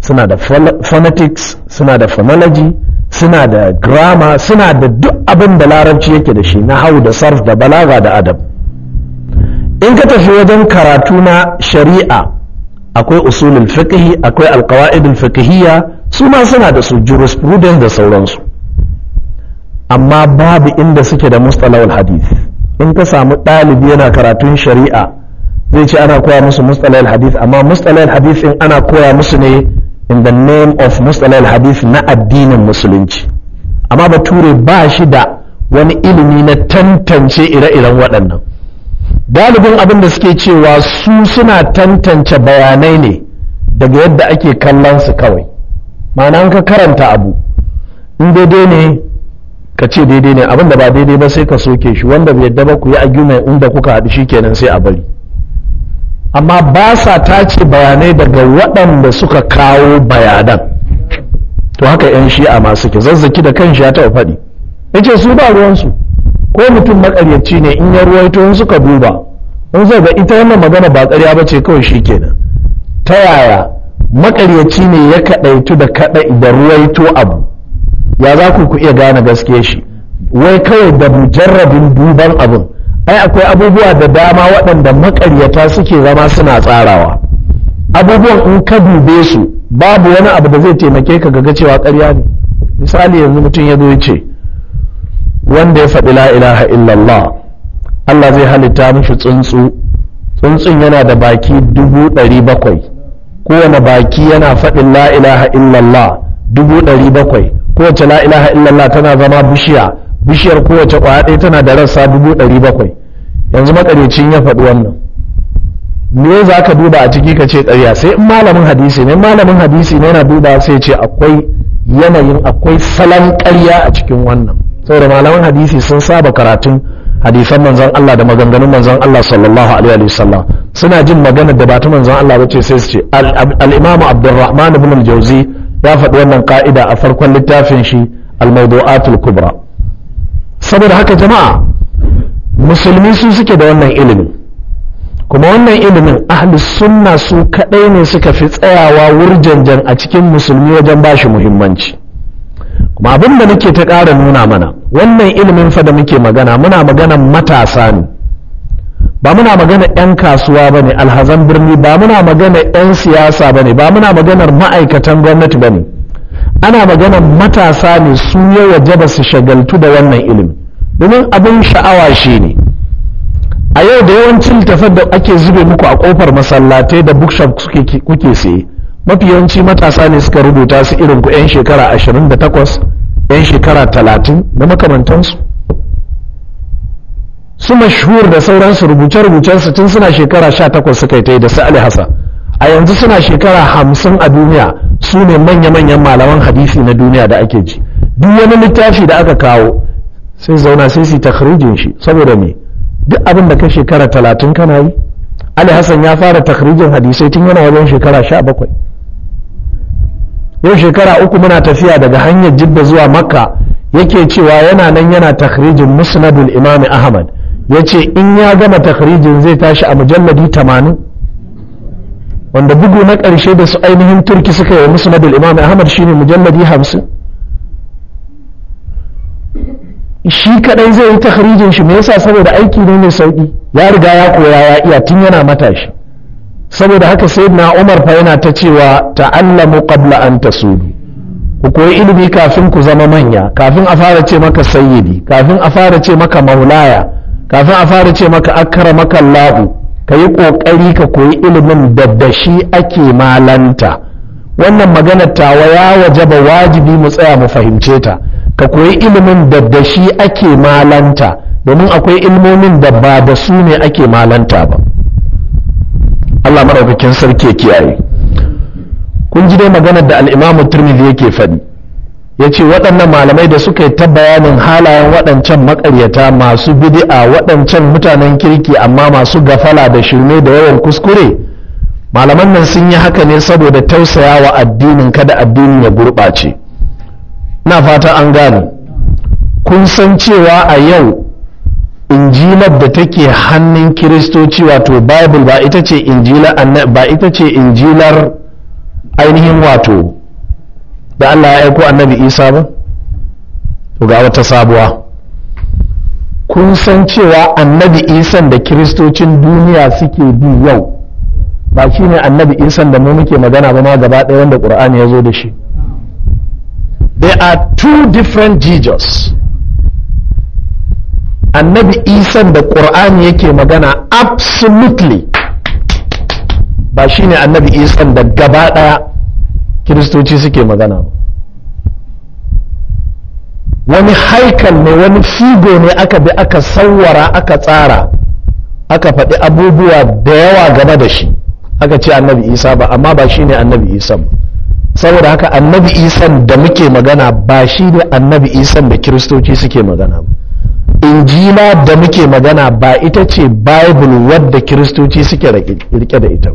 suna da phonetics suna da phonology suna da grama suna da duk abin da larabci yake da shi na hau da sarf da balaga da adab in ka tafi wajen karatu na shari'a akwai usulul fiqhi akwai alqawaidul fiqhiyya su ma suna da su jurisprudence da sauransu amma babu inda suke da mustalahul hadith in ka samu ɗalibi yana karatun shari'a zai ce ana koya musu mustalahul hadith amma mustalahul hadith in ana koya musu ne in the name of mustalal hadith na addinin musulunci amma bature ba shi da wani ilimi na tantance ire-iren waɗannan galibin abin da suke cewa su suna tantance bayanai ne daga yadda ake kallon su kawai ma'ana ka karanta abu in daidai ne ka ce daidai ne abin da ba daidai ba sai ka soke shi wanda bai yadda ba ku yi a argument inda kuka haɗu shi kenan sai a bari amma ba sa tace bayanai daga waɗanda suka kawo bayanan to haka 'yan shi'a masu ke zazzaki da kan shi ya taɓa faɗi in ce su ba ruwansu ko mutum makaryaci ne in ya ruwaito in suka duba in zai ga ita wannan magana ba ƙarya ba ce kawai shi kenan ta yaya makaryaci ne ya kaɗaitu da kaɗa da ruwaito abu ya za ku ku iya gane gaske shi wai kawai da mujarrabin duban abin ai akwai abubuwa da dama waɗanda makaryata suke zama suna tsarawa abubuwan in ka dube su babu wani abu da zai taimake ka gaga cewa karya ne misali yanzu mutum ya zo ya ce wanda ya faɗi la ilaha illallah Allah zai halitta mishi tsuntsu tsuntsun yana da baki dubu ɗari bakwai kowane baki yana faɗin la ilaha illallah dubu ɗari bakwai kowace la ilaha illallah tana zama bishiya bishiyar kowace kwaya ɗaya tana da rassa dubu ɗari bakwai yanzu makarecin ya faɗi wannan me za ka duba a ciki ka ce ƙarya sai in malamin hadisi ne malamin hadisi ne yana duba sai ce akwai yanayin akwai salon ƙarya a cikin wannan saboda malamin hadisi sun saba karatun hadisan manzon Allah da maganganun manzon Allah sallallahu alaihi wa sallam suna jin maganar da ba ta manzon Allah ba ce sai su ce al-Imam Abdurrahman ibn al-Jawzi ya faɗi wannan ka'ida a farkon littafin shi al-Mawdu'atul Kubra saboda haka jama'a musulmi su suke da wannan ilimin kuma wannan ilimin ahlus sunna su kaɗai ne suka fi tsayawa wurjanjan a cikin musulmi wajen ba shi muhimmanci kuma abin da nake ta ƙara nuna mana wannan ilimin fa da muke magana muna magana matasa ne ba muna magana 'yan kasuwa ba ne alhazan birni ba muna magana 'yan siyasa ba ne ba muna maganar ma'aikatan gwamnati ba ne ana maganar matasa ne su ya waje ba su shagaltu da wannan ilimin domin abin sha'awa shi ne a yau da yawancin littafin da ake zube muku a kofar masallatai da bookshop kuke saye mafi yawanci matasa ne suka rubuta su irin ku 'yan shekara 28 'yan shekara 30 da makamantansu su mashhur da sauransu rubuce-rubucensu tun suna shekara 18 suka yi ta da su Ali Hassan a yanzu suna shekara 50 a duniya su ne manya-manyan malaman hadisi na duniya da ake ji duk wani littafi da aka kawo sai zauna sai su takhrijin shi saboda me duk abin da ka shekara talatin kana yi ali hassan ya fara takhrijin hadisai tun yana wajen shekara sha bakwai yau shekara uku muna tafiya daga hanyar jidda zuwa makka yake cewa yana nan yana takhrijin musnadul imami ahmad ya ce in ya gama takhrijin zai tashi a mujalladi tamanin wanda bugu na ƙarshe da su ainihin turki suka yi musnadul imami ahmad shine mujalladi hamsin shi kadai zai yi tahrijin shi me yasa saboda aiki ne mai sauki ya riga ya koya ya iya tun yana matashi saboda haka sayyidina Umar fa yana ta cewa ta'allamu qabla an tasudu ku koyi ilimi kafin ku zama manya kafin a fara ce maka sayyidi kafin a fara ce maka maulaya kafin a fara ce maka akramaka Allah ka yi ƙoƙari ka koyi ilimin da da shi ake malanta wannan magana tawa ya wajaba wajibi mu tsaya mu fahimce ta ka koyi ilimin da da shi ake malanta domin akwai ilmomin da ba da su ne ake malanta ba Allah maraukakin sarki ya kiyaye kun ji dai maganar da al'imamu turmizi yake faɗi ya ce waɗannan malamai da suka yi ta bayanin halayen waɗancan maƙaryata masu bidi'a waɗancan mutanen kirki amma masu gafala da shirme da yawan kuskure malaman nan sun yi haka ne saboda tausaya wa addinin kada addinin ya gurɓace na fata an gane kun san cewa a yau injilar da take hannun kiristoci wato bible ba ita ce injilar ainihin wato da Allah ya aiko annabi Isa ba to ga wata sabuwa kun san cewa annabi Isa da kiristocin duniya suke bi yau ba shine annabi Isa da mu muke magana ba ma gaba ɗaya wanda Qur'ani ya zo da shi there are two different Jesus annabi isan da ƙur'ani yake magana absolutely ba shi ne annabi isan da gaba ɗaya kiristoci suke magana ba wani haikal ne wani figo ne aka bi aka sawwara aka tsara aka faɗi abubuwa da yawa game da shi aka ce annabi isa ba amma ba shi ne annabi Isa ba saboda haka annabi isan da muke magana ba shi ne annabi isan da kiristoci suke magana ba injila da muke magana ba ita ce bible wadda kiristoci suke rike da ita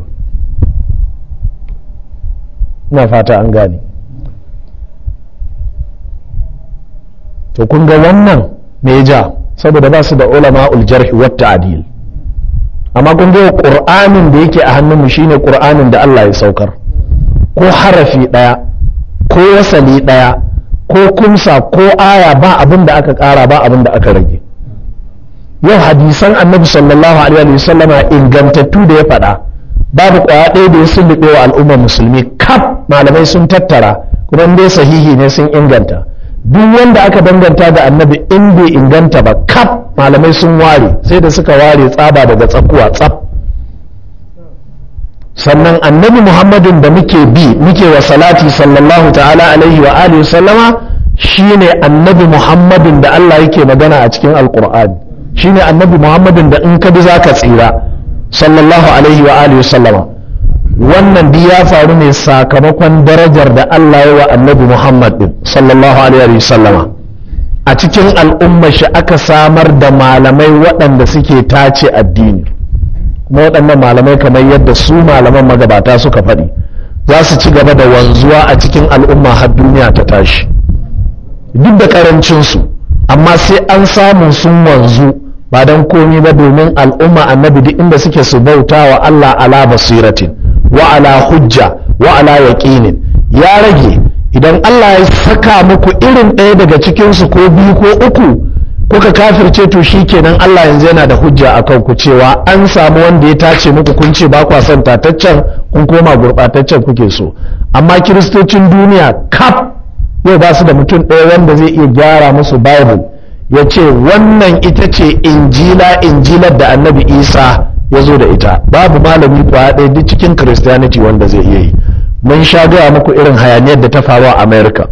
na fata an gane to kun ga wannan me ja saboda ba su da ulama uljarhi wata adil amma kun ga qur'anin da yake a hannunmu shine qur'anin da Allah ya saukar ko harafi ɗaya ko wasali ɗaya ko kumsa ko aya ba abin da aka ƙara ba abin da aka rage yau hadisan annabi sallallahu alaihi wa sallama ingantattu da ya faɗa babu ƙwaya ɗaya da ya sulluɓe wa al'ummar musulmi kaf malamai sun tattara kuma dai sahihi ne sun inganta duk wanda aka danganta da annabi in bai inganta ba kaf malamai sun ware sai da suka ware tsaba daga tsakuwa tsaf sannan annabi muhammadin da muke bi muke wa salati sallallahu ta'ala alaihi wa alihi sallama shine annabi muhammadin da Allah yake magana a cikin alqur'ani shine annabi muhammadin da in ka bi zaka tsira sallallahu alaihi wa alihi sallama wannan duk ya faru ne sakamakon darajar da Allah ya wa annabi muhammad din sallallahu alaihi wa sallama a cikin al'ummar shi aka samar da malamai waɗanda suke tace addini waɗannan malamai kamar yadda su malaman magabata suka faɗi za su ci gaba da wanzuwa a cikin al'umma har duniya ta tashi duk da karancinsu amma sai an samu sun wanzu ba don komi ba domin al'umma annabi duk inda suke su bauta wa Allah ala basiratin wa ala hujja wa ala yaqinin ya rage idan Allah ya saka muku irin ɗaya daga cikinsu ko biyu ko uku kuka kafirce to shi kenan Allah yanzu yana da hujja a ku cewa an samu wanda ya tace muku kun ce ba kwa son tataccen kun koma gurɓataccen kuke so amma kiristocin duniya kaf yau ba su da mutum ɗaya wanda zai iya gyara musu bible ya ce wannan ita ce injila injilar da annabi isa ya zo da ita babu malami kwaya ɗaya duk cikin christianity wanda zai iya yi mun sha gaya muku irin hayaniyar da ta faru a america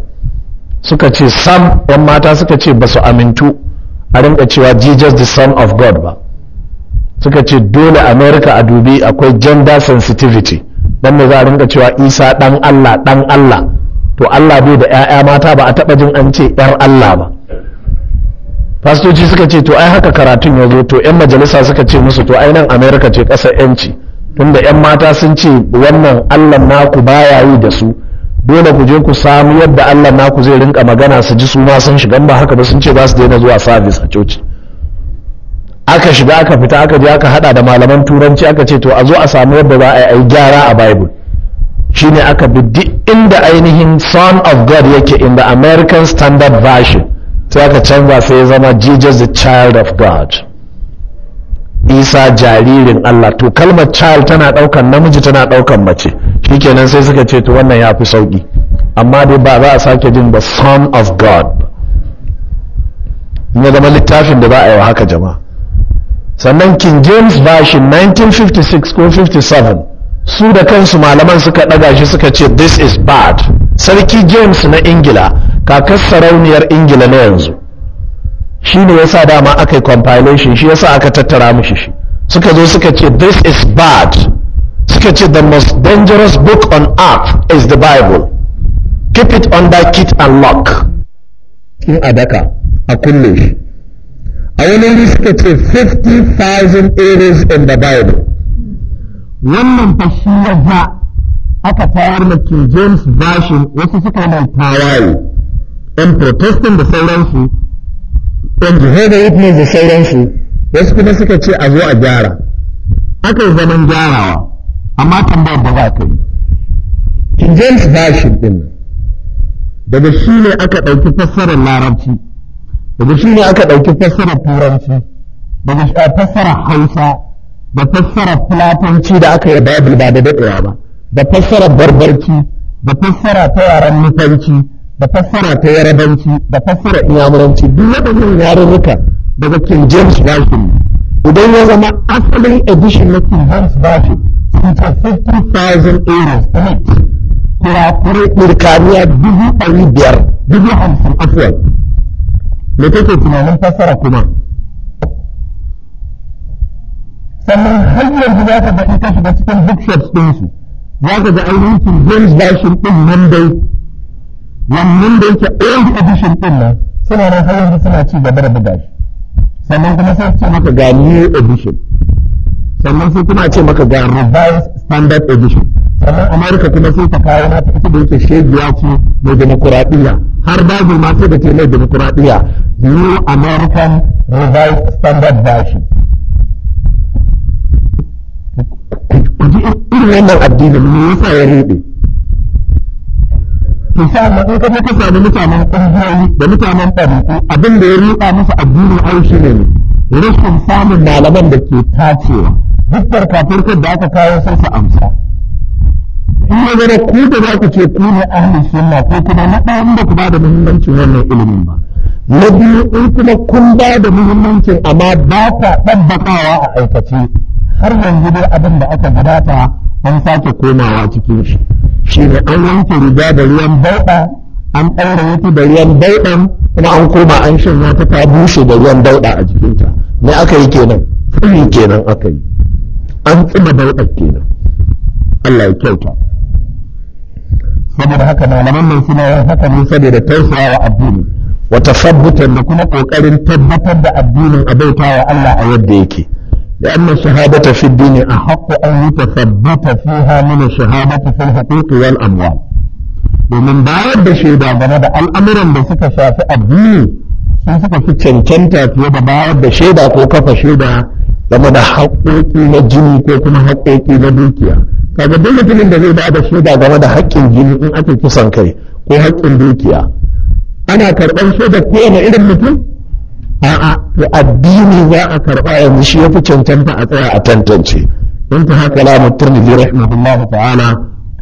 suka ce sam 'yan mata suka ce ba su amintu a rinka cewa jesus the son of god ba suka ce dole america a dubi akwai gender sensitivity don da za a rinka cewa isa dan allah dan allah to allah bai da 'ya'ya mata ba a taba jin an ce 'yar allah ba fastoci suka ce to ai haka karatun ya zo to 'yan majalisa suka ce musu to ai nan america ce ƙasar 'yanci tunda 'yan mata sun ce wannan allah naku baya yi da su dole ku je ku samu yadda Allah naku zai rinka magana su ji su ma sun shiga ba haka ba sun ce za su daina zuwa service a coci aka shiga aka fita aka je aka hada da malaman turanci aka ce to a zo a samu yadda za a yi gyara a bible shine aka bi duk inda ainihin son of god yake in the american standard version sai aka canza sai ya zama jesus the child of god isa jaririn allah to kalmar child tana daukan namiji tana daukan mace shikenan sai suka ce to wannan ya fi sauƙi. amma dai ba za a sake jin the son of god ya zama littafin da ba a yi wa haka jama'a sannan king james version 1956 ko 57 su da kansu malaman suka ɗaga shi suka ce this is bad sarki james na ingila kakar sarauniyar ingila na yanzu shi ne ya sa dama aka yi compilation shi ya sa aka tattara mishi shi suka zo suka ce this is bad suka ce the most dangerous book on earth is the bible keep it under kit and lock in adaka a kulle a wani wuri suka ce 50,000 areas in the bible wannan fa shi ya aka tayar da King James version wasu suka mai tawaye ɗan protestant da sauransu ɗan Jehovah Witness da sauransu wasu kuma suka ce a zo a gyara aka yi zaman gyarawa amma tambayar da za ta yi king james version ɗin nan daga shi ne aka ɗauki fassarar larabci daga shi ne aka ɗauki fassarar turanci daga fassarar hausa da fassarar fulatanci da aka yi bible ba da daɗewa ba da fassarar barbarci da fassara ta yaren nufanci da fassara ta yarabanci da fassara iyamuranci duk waɗannan yarurruka daga king james version idan ya zama asalin edishin na king james version ita 50,000 euros net kurakurai ɗirkaniya dubu ɗari biyar dubu hamsin afuwal da take tunanin fassara kuma sannan hanyar da za ka ga ita shiga cikin bookshops ɗinsu za ka ga ainihin James Bashir ɗin nan dai wannan da yake old edition ɗin nan suna nan har yanzu suna ci gaba da buga shi sannan kuma sai su maka ga new edition sannan sai kuma ce maka ga revised standard edition sannan amurka kuma sai ta kawo na ta da yake ya ce mai demokuraɗiyya har babu ma sai da ce mai demokuraɗiyya new american revised standard version kuji irin wannan addini me yasa ya rebe to sa ma in kuma ka samu mutanen ƙungiyoyi da mutanen ɗabi'u abin da ya rika musu addinin aushi ne rashin samun malaman da ke tacewa duk farfafarkar da aka kawo sai su amsa in ya ku da za ku ce ku ne ahli sunna ko kuma na ɗaya inda ku ba da muhimmancin wannan ilimin ba na biyu in kuma kun ba da muhimmancin amma ba ta ɗabbakawa a aikace har yanzu dai abin da aka gudata an sake komawa cikin shi shi ne an wanke riga da ruwan bauɗa an ɗaura wata da ruwan bauɗa, kuma an koma an shanya ta ta bushe da ruwan bauɗa a jikinta me aka yi kenan fari kenan aka yi an tsuma bauɗar kenan Allah ya kyauta saboda haka malaman nan suna yin haka ne saboda tausayawa addini wa tasabbutan da kuma kokarin tabbatar da addinin a bautawa Allah a yadda yake لأن الشهادة في الدين أحق أن يتثبت فيها من الشهادة في wal والأموال domin bayar da shaida game da al'amuran da suka shafi addini sun suka fi cancanta fiye da bayar da shaida ko kafa shaida game da haƙoƙi na jini ko kuma haƙoƙi na dukiya kaga duk mutumin da zai ba da shaida game da haƙƙin jini in ake kusan kai ko haƙƙin dukiya ana karɓar shaida kowane irin mutum a'a to addini za a karɓa yanzu shi ya fi cancanta a tsaya a tantance don ta haka la mutirmidhi rahimahullah ta'ala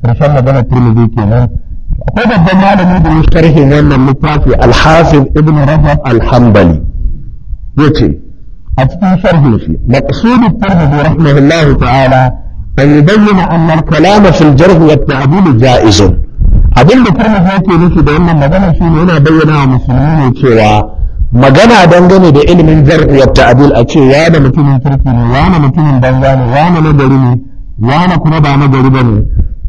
karshen magana tirmidhi kenan akwai babban malami da wasu tarihin wannan littafi alhafin ibn rajab alhambali yace أتكي شرح في مقصود الترمذي رحمه الله تعالى أن يبين أن الكلام في الجرح والتعديل جائز abin da kuma yake nufi da wannan magana shi ne yana bayyana wa musulmi ne cewa magana dangane da ilimin jar'i wa ta'dil a ce ya da mutumin kirki ne ya na mutumin banza ne ya na nagari ne ya na kuma ba nagari ba ne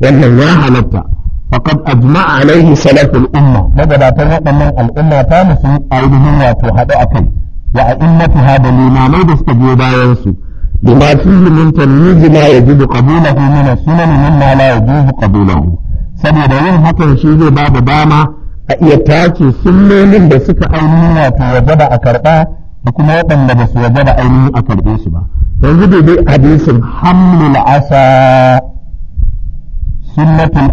wannan ya halatta faqad ajma'a alaihi salaful umma magabatan waɗannan al'umma ta musu ainihin wato haɗu akai wa a'immatuha da limamai da suka je bayansu su bima fihi min tamyiz ma yajibu qabulahu min as-sunan mimma la yajibu qabulahu saboda yin hakan shi zai ba da dama a iya tace sunnonin da suka ainihin wato wajaba a karba da kuma waɗanda ba su da ainihin a karbe ba yanzu daidai hadisin hamlul asa sunnatul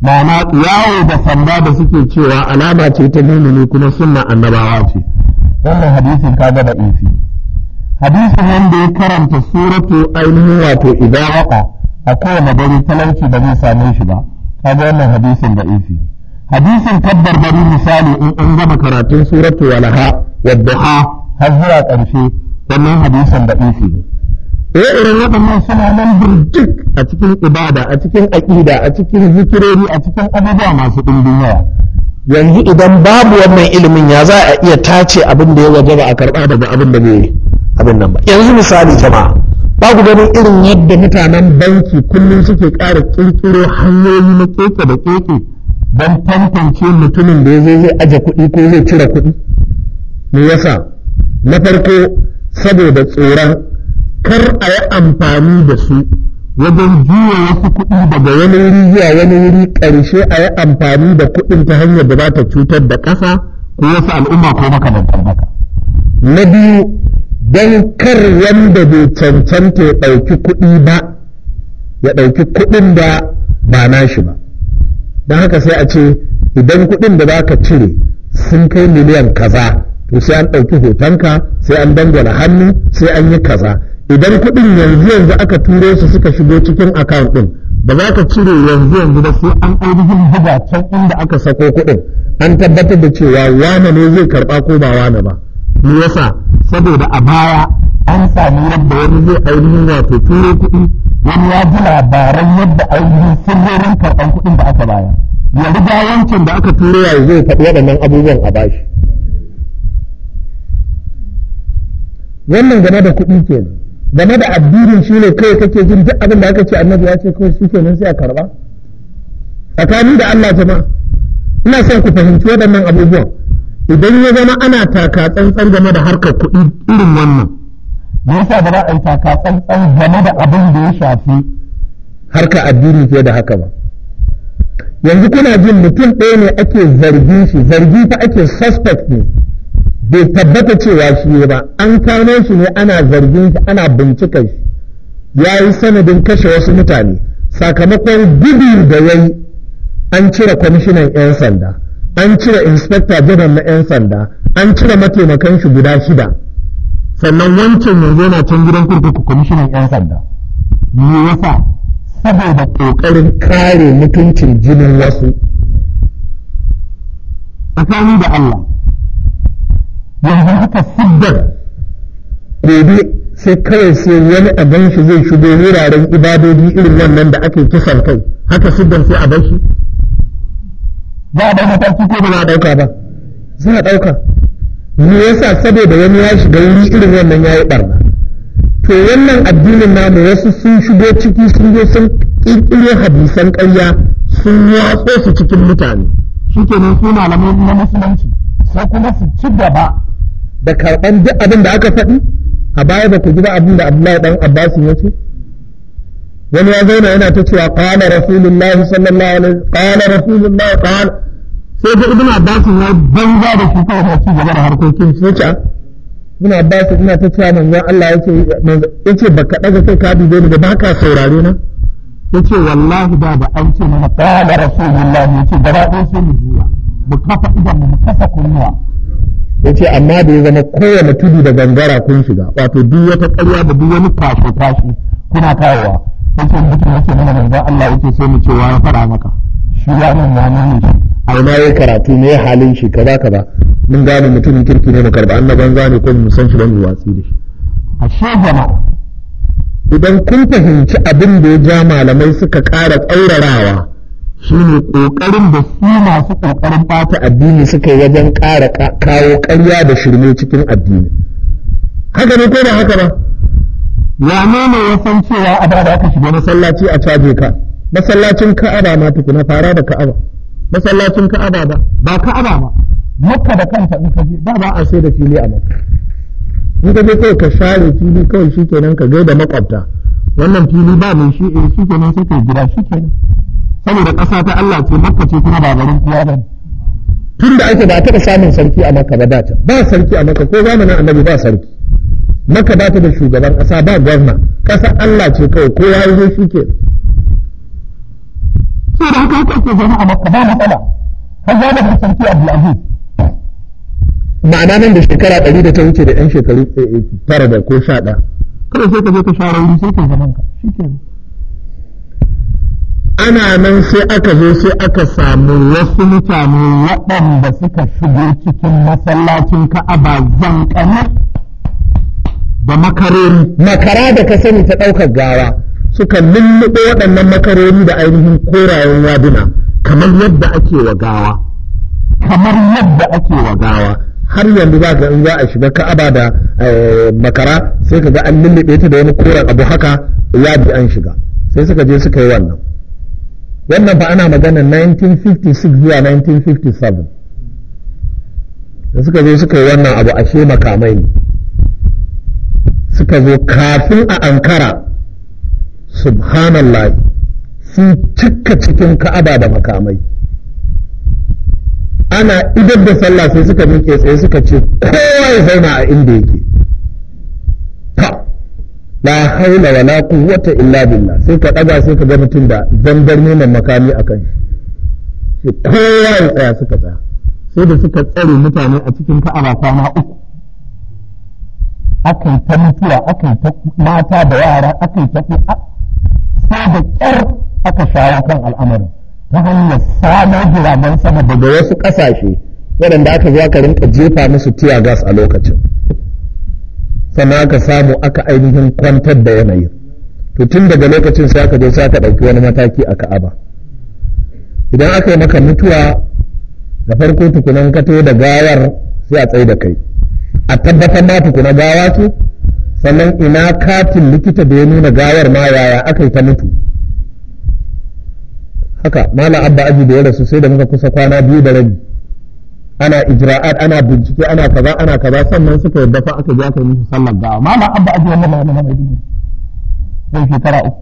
ma'ana yawo da sanda da suke cewa alama ce ta mumini kuma sunna annabawa ce wannan hadisin kaga da isi hadisin wanda ya karanta suratu ainihin wato idan waka a kowane dare talauci da zai same shi ba kaga wannan hadisin da isi hadisin kabbar bari misali in an gama karatun suratu walaha wadda har zuwa ƙarshe wannan hadisin da isi ne irin iren waɗannan suna nan duk a cikin ibada a cikin aƙida a cikin zikirori a cikin abubuwa masu ɗimbin yawa yanzu idan babu wannan ilimin ya za a iya tace abin da ya waje ba a karɓa daga abin da bai abin nan ba yanzu misali jama'a babu ganin irin yadda mutanen banki kullum suke ƙara ƙirƙiro hanyoyi na keke da keke don tantance mutumin da ya zai zai aje kuɗi ko zai cire kuɗi me yasa na farko saboda tsoron kar a yi amfani da su wajen juya wasu kuɗi daga wani wuri zuwa wani wuri ƙarshe a yi amfani da kuɗin ta hanyar da za ta cutar da ƙasa ko wasu al'umma ko makamantar haka. Na biyu don kar wanda bai cancanta ya ɗauki kuɗi ba ya ɗauki kuɗin da ba nashi ba. Don haka sai a ce idan kuɗin da za ka cire sun kai miliyan kaza to sai an ɗauki hotonka sai an dangana hannu sai an yi kaza idan kuɗin yanzu yanzu aka turo su suka shigo cikin account ɗin ba za ka cire yanzu yanzu ba sai an ainihin buga can inda aka sako kuɗin an tabbatar da cewa wane ne zai karɓa ko ba wane ba me yasa saboda a baya an sami yadda wani zai ainihin wato turo kuɗi wani ya ji labaran yadda ainihin sirrorin karɓan kuɗin da aka baya yanzu ga yankin da aka turo yanzu zai faɗi waɗannan abubuwan a bashi wannan game da kuɗi kenan game da addinin shi ne kai kake jin duk abin da aka ce annabi ya ce kai shi kenan sai a karba tsakani da Allah jama'a ina son ku fahimci waɗannan abubuwan idan ya zama ana taka tsantsan game da harkar kuɗi irin wannan me yasa ba za a yi taka tsantsan game da abin da ya shafi harkar addini fiye da haka ba yanzu kuna jin mutum ɗaya ne ake zargin shi zargi fa ake suspect ne bai tabbata cewa shi ba an kano shi ne ana zargin shi ana bincika shi ya yi sanadin kashe wasu mutane sakamakon gudu da ya yi an cire kwamishinan 'yan sanda an cire inspekta janar na 'yan sanda an cire mataimakan shi guda shida sannan wancan yanzu yana can gidan kurkuku kwamishinan 'yan sanda me yasa saboda ƙoƙarin kare mutuncin jinin wasu tsakani da Allah yanzu haka siddar gobe sai kawai sai wani a zai shigo wuraren ibadodi irin wannan da ake kisan kai haka siddar sai a bar shi za a ɗauka ko ba za a ɗauka ba za a ɗauka me yasa saboda wani ya shiga wuri irin wannan ya yi ɓarna to wannan addinin namu wasu sun shigo ciki sun zo sun ƙirƙiro hadisan ƙarya sun watso su cikin mutane shi kenan su malamai na musulunci sai kuma su ci gaba da karɓan duk abin da aka faɗi a baya ba ku ji ba abin da Abdullahi dan Abbas ya ce wani ya zauna yana ta cewa qala rasulullahi sallallahu alaihi qala rasulullahi qala sai ga ibnu Abbas ya banza da shi kawai ci gaba da harkokin shi ce ah, ibnu Abbas ina ta cewa manzon Allah yake yace baka daga kai ka dube ni ba baka saurare na yace wallahi da ba an ce mana qala rasulullahi yace gaba ɗaya sai mu juya mu kafa idan mu kafa kunnuwa ya ce amma da ya zama kowane tudu da gangara kun shiga wato duk wata ƙarya da duk wani kwaso kwaso kuna kawowa yake mutum yake mana manzan Allah yake sai mu cewa ya fara maka shi ya nan ya nan shi a ya karatu ne halin shi kaza kaza mun gane mutumin kirki ne mu karba an banza ne ko mu san shi ban watsi da shi a shagama idan kun fahimci abin da ya ja malamai suka ƙara tsaurarawa shi ne ƙoƙarin da su masu ƙoƙarin ɓata addini suka yi wajen ƙara kawo ƙarya da shirme cikin addini haka ne ko da haka ba ya nuna ya san cewa a da aka shiga masallaci a caje ka masallacin ka'aba ma na fara da ka'aba masallacin ka'aba ba ba ka'aba ba makka da kanta in ka je ba ba a sai da fili a makka in ka je kawai ka share fili kawai shi kenan ka gaida makwabta wannan fili ba mai shi eh shikenan sai ka gida shi kenan saboda ƙasa ta Allah ce makka ce kuma ba garin kuwa ba tun da ake ba taɓa samun sarki a makka ba da ta ba sarki a makka ko zamanin annabi ba sarki makka ba ta da shugaban ƙasa ba gwamna ƙasa Allah ce kawai kowa ya zo shi ke sai da haka haka ake zama a makka ba matsala har za da sarki a Abdulaziz ma'ana nan da shekara ɗari da ta wuce da 'yan shekaru eh, eh, tara da ko sha ɗaya kada sai ka je ka share wuri sai ka zaman ka shi ana nan sai aka zo sai aka samu wasu mutane waɗanda suka shigo cikin masallacin ka'aba zanƙana da makarori makara da ka sani ta ɗaukar gawa suka lulluɓe waɗannan makarori da ainihin korayen waduna kamar yadda ake wa gawa kamar yadda ake wa gawa har yanzu za ga in za a shiga ka'aba da eh, makara sai ka ga an lulluɓe ta da wani koren abu haka bi an shiga sai suka je suka yi wannan wannan fa ana magana 1956 zuwa 1957 da suka zo suka yi wannan abu a ashe makamai ne suka zo kafin a ankara subhanallah sun cika cikin ka'aba da makamai ana idar da sallah sai suka miƙe tsaye suka ce kowa ya zauna a inda yake la haula wa wala quwwata illa billah sai ka daga sai ka ga mutum da zambar neman makami akan shi sai kowa ya tsaya suka tsaya sai da suka tsare mutane a cikin ka'aba sama uku akan ta mutuwa akan ta mata da yara akan ta sai da kyar aka shaya kan al'amarin ta hanyar samar jiragen sama daga wasu ƙasashe waɗanda aka zo aka rinka jefa musu tiya gas a lokacin sana ka samu aka ainihin kwantar da yanayin to tun daga lokacin sai aka je sai aka ɗauki wani mataki a ka'aba idan aka yi maka mutuwa da farko tukunan ka da gawar sai a tsaye da kai a tabbatar ma tukuna gawa ce sannan ina katin likita da ya nuna gawar ma yaya aka yi ta mutu haka mala abba aji da ya rasu sai da muka kusa kwana biyu da rabi ana ijra'at ana bincike ana kaza ana kaza sannan suka yadda fa aka je aka yi musu sallar gawa mala an ba aje wannan malamin na Madina sai shekara uku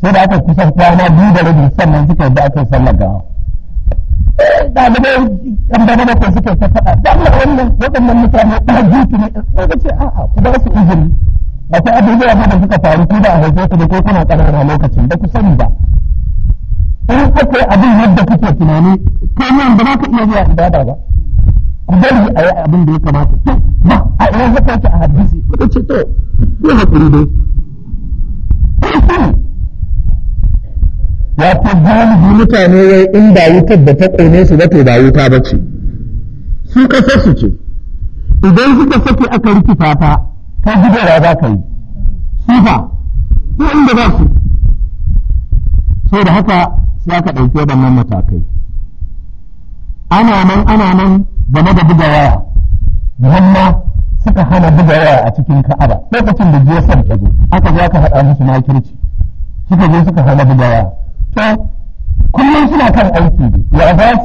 sai da aka kusan kwana biyu da rabi sannan suka yadda aka yi sallar gawa ɗalibai yan bana bakwai suka ta faɗa da Allah wannan waɗannan mutane ɗan jinsu ne sai ka ce a'a ku ba su izini akwai abubuwa da suka faru ku da a haife ku da ko kuna ƙanana lokacin ba ku sani ba in aka yi abin yadda kuke tunani kai nan ba za ka iya zuwa ibada ba ku bari a yi abin da ya kamata to ba a ina haka ta a hadisi kuka ce to ku hakuri Ya wato galibi mutane wai in ba wutar da ta ƙone su ba to ba wuta ba ce su kasar su ce idan suka sake aka rikita ta ta gidara za ka yi sifa ko inda za su sau da haka sai aka ɗauki waɗannan matakai ana nan ana nan game da buga waya muhamma suka hana buga waya a cikin ka'ada. lokacin da jiya ya zo aka zo aka haɗa musu makirci suka zo suka hana buga waya to kullum suna kan aiki ya za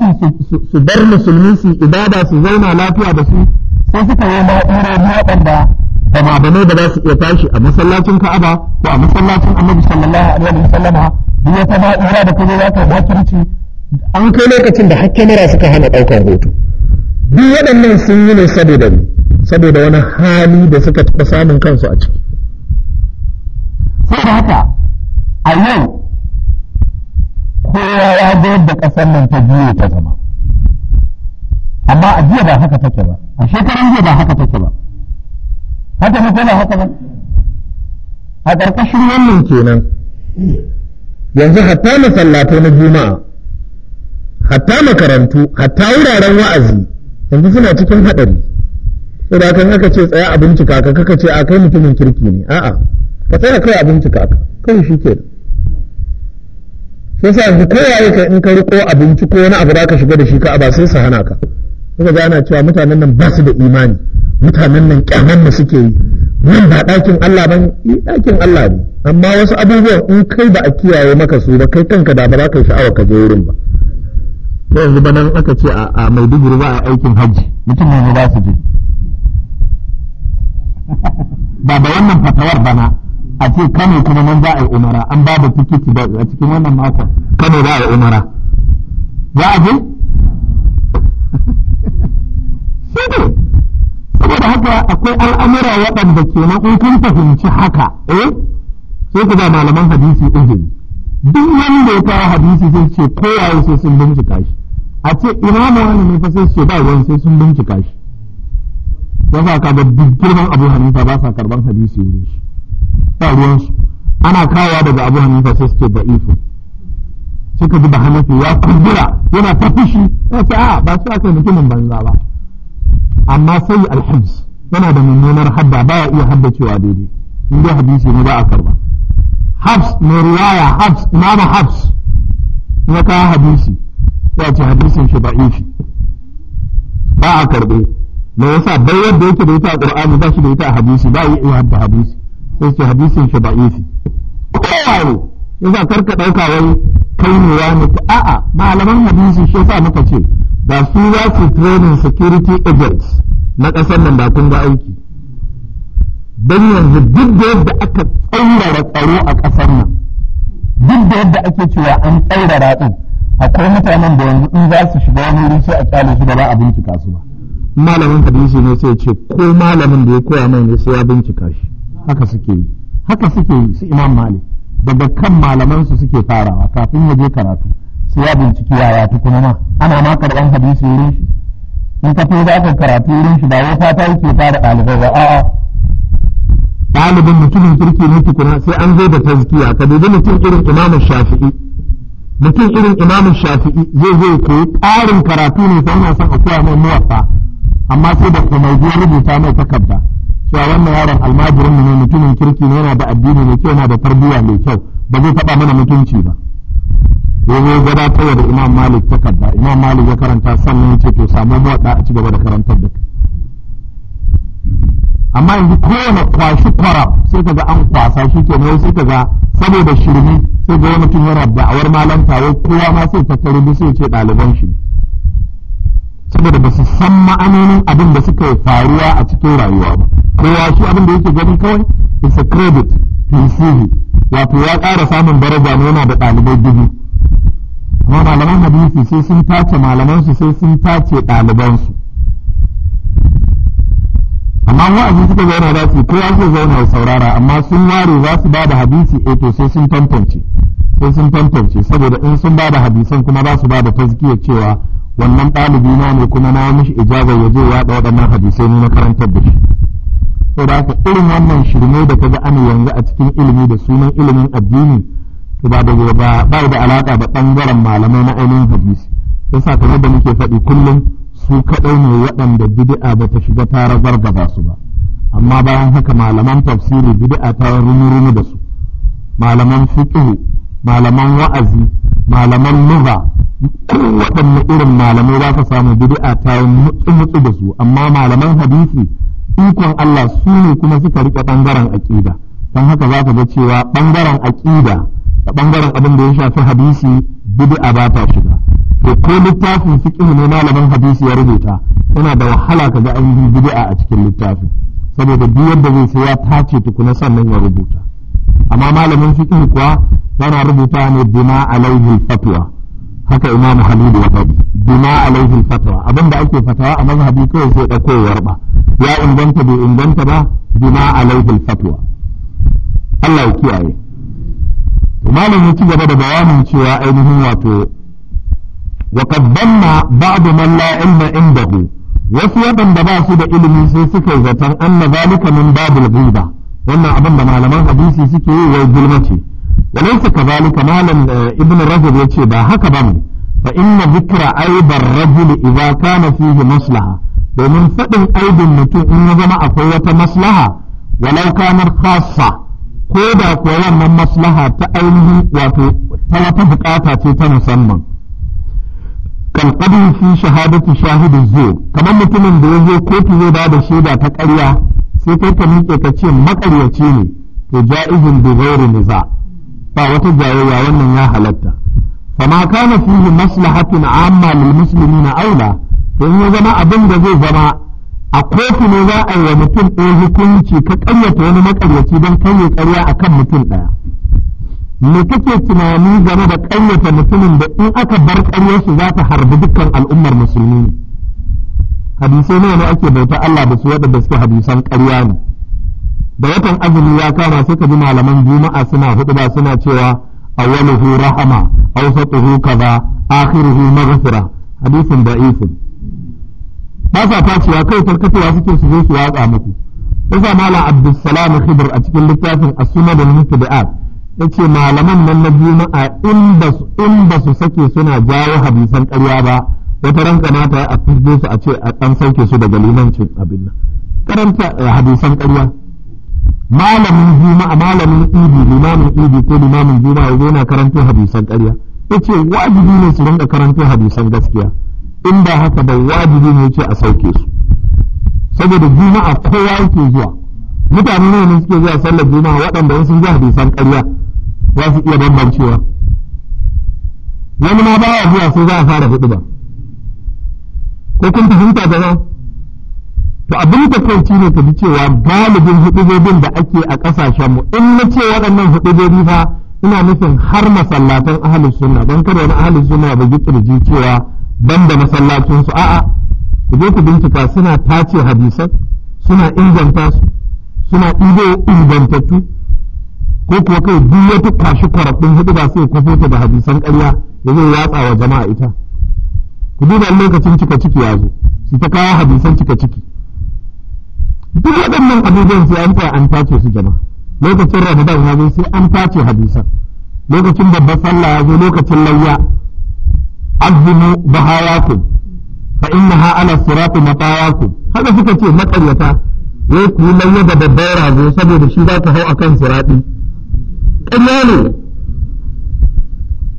su su bar musulmi su ibada su zauna lafiya da su sai suka yi ma'ura waɗanda da mabanai da za su iya tashi a masallacin ka'ada ko a masallacin annabi sallallahu alaihi wa sallama duk wata ma'ura da kuma za ta makirci an kai lokacin da har kamera suka hana ɗaukar hoto duk waɗannan sun yi ne saboda ne saboda wani hali da suka taɓa samun kansu a ciki sai da haka a yau kowa ya ga yadda ƙasar nan ta juye ta zama amma a jiya ba haka take ba a shekarun jiya ba haka take ba haka ne ko ba haka ba a ƙarƙashin wannan kenan yanzu hatta masallatai na juma'a hatta makarantu hatta wuraren wa'azi yanzu suna cikin haɗari saboda kan aka ce tsaya a bincika ka kaka ce a kai mutumin kirki ne a'a ka tsaya kai a bincika ka kai shi ke sai sa yanzu yi ka in ka riko a binciko wani abu da ka shiga da shi ka ba sai su hana ka kuma ga ana cewa mutanen nan ba su da imani mutanen nan kyaman da suke yi nan ba ɗakin Allah ba ne eh, ɗakin Allah ne amma wasu abubuwan in kai ba a kiyaye maka su ba kai kanka da ba za ka yi sha'awa ka je wurin ba sai yanzu banan aka ce a duguru ba a aikin hajji mutum ne ba su je ba da wannan fatawar bana a ce kano kuma nan za a yi umara an ba da tikiti da a cikin wannan makon kano za a yi umara za a je shi ne saboda haka akwai al'amura waɗanda ke na kun fahimci haka eh sai ku ba malaman hadisi ɗin duk wanda ya kawo hadisi sai ce ko sai sun bincika shi a ce imama wani ne sai su ba ruwan sai sun bincika shi ya sa ka girman abu hanifa ba sa karban hadisi wurin shi ba ruwan su ana kawowa daga abu hanifa sai su ce da ifin suka ji bahanafi ya kumbura yana ta fushi ya ce a ba su aka mutumin banza ba amma sai alhibs yana da mummunar hadda ba ya iya haddacewa daidai in dai hadisi ne ba a karba habs mai riwaya habs imama habs ya kawo hadisi sai ce hadisin shi da'ifi ba a karbe me yasa bai wanda yake da ita a qur'ani ba shi da ita hadisi ba yi iya da hadisi sai ce hadisin shi da'ifi kowa ne yasa karka dauka wai kai ne ya mutu a'a malaman hadisi shi yasa muka ce da su za su training security agents na kasar nan ba kun ga aiki don yanzu duk da yadda aka tsaurara tsaro a kasar nan duk da yadda ake cewa an tsaurara din akwai mutanen da yanzu in za su shiga wani wuri sai a kyale su da ba a bincika su ba malamin hadisi ne sai ce ko malamin da ya koya mai ne sai ya bincika shi haka suke yi haka suke yi su imam malik daga kan malaman su suke farawa kafin ya je karatu sai ya binciki yaya tukuna ma ana ma karɓan hadisi wurin shi in ka to za ka karatu wurin shi ba wai fata yake fara ɗalibai ba a'a ɗalibin mutumin kirki ne tukuna sai an zo da tazkiya ka dubi mutum irin imamin shafi'i mutum irin imamin shafi'i zai zai ko ƙarin karatu ne sai yana son a koya mai muwafa amma sai da kuma ya rubuta mai takarda cewa wannan yaron almajirin ne mutumin kirki ne yana da addini mai kyau yana da tarbiyya mai kyau ba zai faɗa mana mutunci ba zai zo ta yadda imam malik takarda imam malik ya karanta sannan ya ce to samu muwaɗa a ci gaba da karantar da kai amma yanzu kowane kwashi kwara sai ka ga an kwasa shi ke sai ka ga saboda shirme sai ga mutum yana da'awar malanta wai kowa ma sai tattaro da sai ce ɗaliban shi saboda ba su san ma'anonin abin da suka faruwa a cikin rayuwa ba kowa shi abin da yake gani kawai is a credit to CV wato ya ƙara samun daraja ne yana da ɗalibai dubu amma malaman hadisi sai sun tace malamansu sai sun tace ɗalibansu amma wa'azi suka zauna za su kowa zai zauna ya saurara amma sun ware za su bada hadisi eh to sai sun tantance sai sun tantance saboda in sun bada hadisan kuma za su bada tazkiyar cewa wannan ɗalibi na ne kuma na mishi ijazar ya je yaɗa waɗannan hadisai ne na karantar da shi to da haka irin wannan shirme da ga ana yanzu a cikin ilimi da sunan ilimin addini to ba da ba da alaka da bangaren malamai na ainihin hadisi yasa kamar da muke faɗi kullum su kaɗai ne waɗanda bid'a ba ta shiga ta ba su ba amma bayan haka malaman tafsiri bid'a ta runu da su malaman fiqh malaman wa'azi malaman lugha waɗanne irin malamai za ka samu bid'a ta mutsu da su amma malaman hadisi ikon Allah su ne kuma suka riƙe ɓangaren aƙida don haka za ka ga cewa ɓangaren aƙida da ɓangaren abin da ya shafi hadisi bid'a ba ta shiga to ko littafin fiqh ne malamin hadisi ya rubuta yana da wahala ka ga ainihin bid'a a cikin littafin saboda duk yadda zai sai ya tace tukuna sannan ya rubuta amma malamin fiqh kuwa yana rubuta ne bima alaihi fatwa haka imam halilu ya faɗi bima alaihi fatwa abinda ake fatawa a mazhabi kawai sai da ya ba ya inganta bai inganta ba bima alaihi fatwa Allah ya kiyaye malam ya ci gaba da bayanin cewa ainihin wato wa qad dhamma ba'd man la ilma indahu wasu waɗanda ba su da ilimi sai suka yi zaton anna zalika min babul ghiba wannan abin da malaman hadisi suke yi wai gilma ce walaysa kadhalika malam ibn ya ce ba haka ba bane fa inna dhikra aibar rajul idza kana fihi maslaha domin faɗin aibin mutum in ya zama akwai wata maslaha walau kanar khassa ko da kuwa wannan maslaha ta ainihin wato ta bukata ce ta musamman kalqadin fi shahadatu shahidin zo kamar mutumin da ya zo kotu zai ba da shaida ta ƙarya sai kai ka miƙe ka ce maƙaryaci ne to ja'izun bi ghairi niza ba wata jayayya wannan ya halatta fama kana fihi maslahatun amma lil muslimina aula to in ya zama abin da zai zama a kotu ne za a yi wa mutum ɗaya hukunci ka ƙaryata wani maƙaryaci don kai ƙarya akan mutum ɗaya me kake tunani game da ƙayyata mutumin da in aka bar ƙaryarsu za ta harbi dukkan al'ummar musulmi hadisai nawa ne ake bauta Allah da su waɗanda suke hadisan ƙarya ne da watan azumi ya kama sai ka ji malaman juma'a suna ba suna cewa awwaluhu rahama awsatuhu kaza akhiruhu maghfira hadisin da'ifin ba sa facewa kai tarkacewa suke su je su watsa muku yasa malam abdulsalam khidr a cikin littafin as-sunan al-mutada'at yace malaman nan na juma'a in ba su sake suna jawo hadisan karya ba wata na kamata a fito su a ce a ɗan sauke su daga limancin abin nan karanta eh, hadisan ƙarya malamin juma'a malamin ibi limamin ibi ko limamin juma'a zai na karanto hadisan ƙarya yace wajibi ne su rinka karanto hadisan gaskiya in ba haka ba wajibi ne ce a sauke su saboda juma'a kowa yake zuwa mutane ne suke zuwa sallar juma'a waɗanda sun ji hadisan ƙarya za su iya bambancewa wani ma baya zuwa sai za a fara hudu ba ko kun fahimta nan to abin da kwanci ne ta ji cewa galibin hudubobin da ake a kasashenmu in na ce waɗannan hudubobi fa ina nufin har masallatan ahalus suna don kada wani ahalus sunna ba ji kirji cewa ban da masallacin a'a ku je ku bincika suna tace hadisan suna inganta su suna ɗigo ingantattu ko kuwa kai duk wata kwashi kwarabbin hudu ba sai kwafo ta da hadisan ƙarya ya zai yatsa wa jama'a ita ku duba lokacin cika ciki ya zo su ta kawo hadisan cika ciki duk waɗannan abubuwan sai an an tace su jama'a lokacin ramadan ya zo sai an tace hadisan lokacin babbar sallah ya zo lokacin layya azimu bahayakum fa ha ala sirati matayakum haka suka ce maƙaryata Ya ku layya da babbar razo saboda shi za ta hau akan sirati ƙarya ne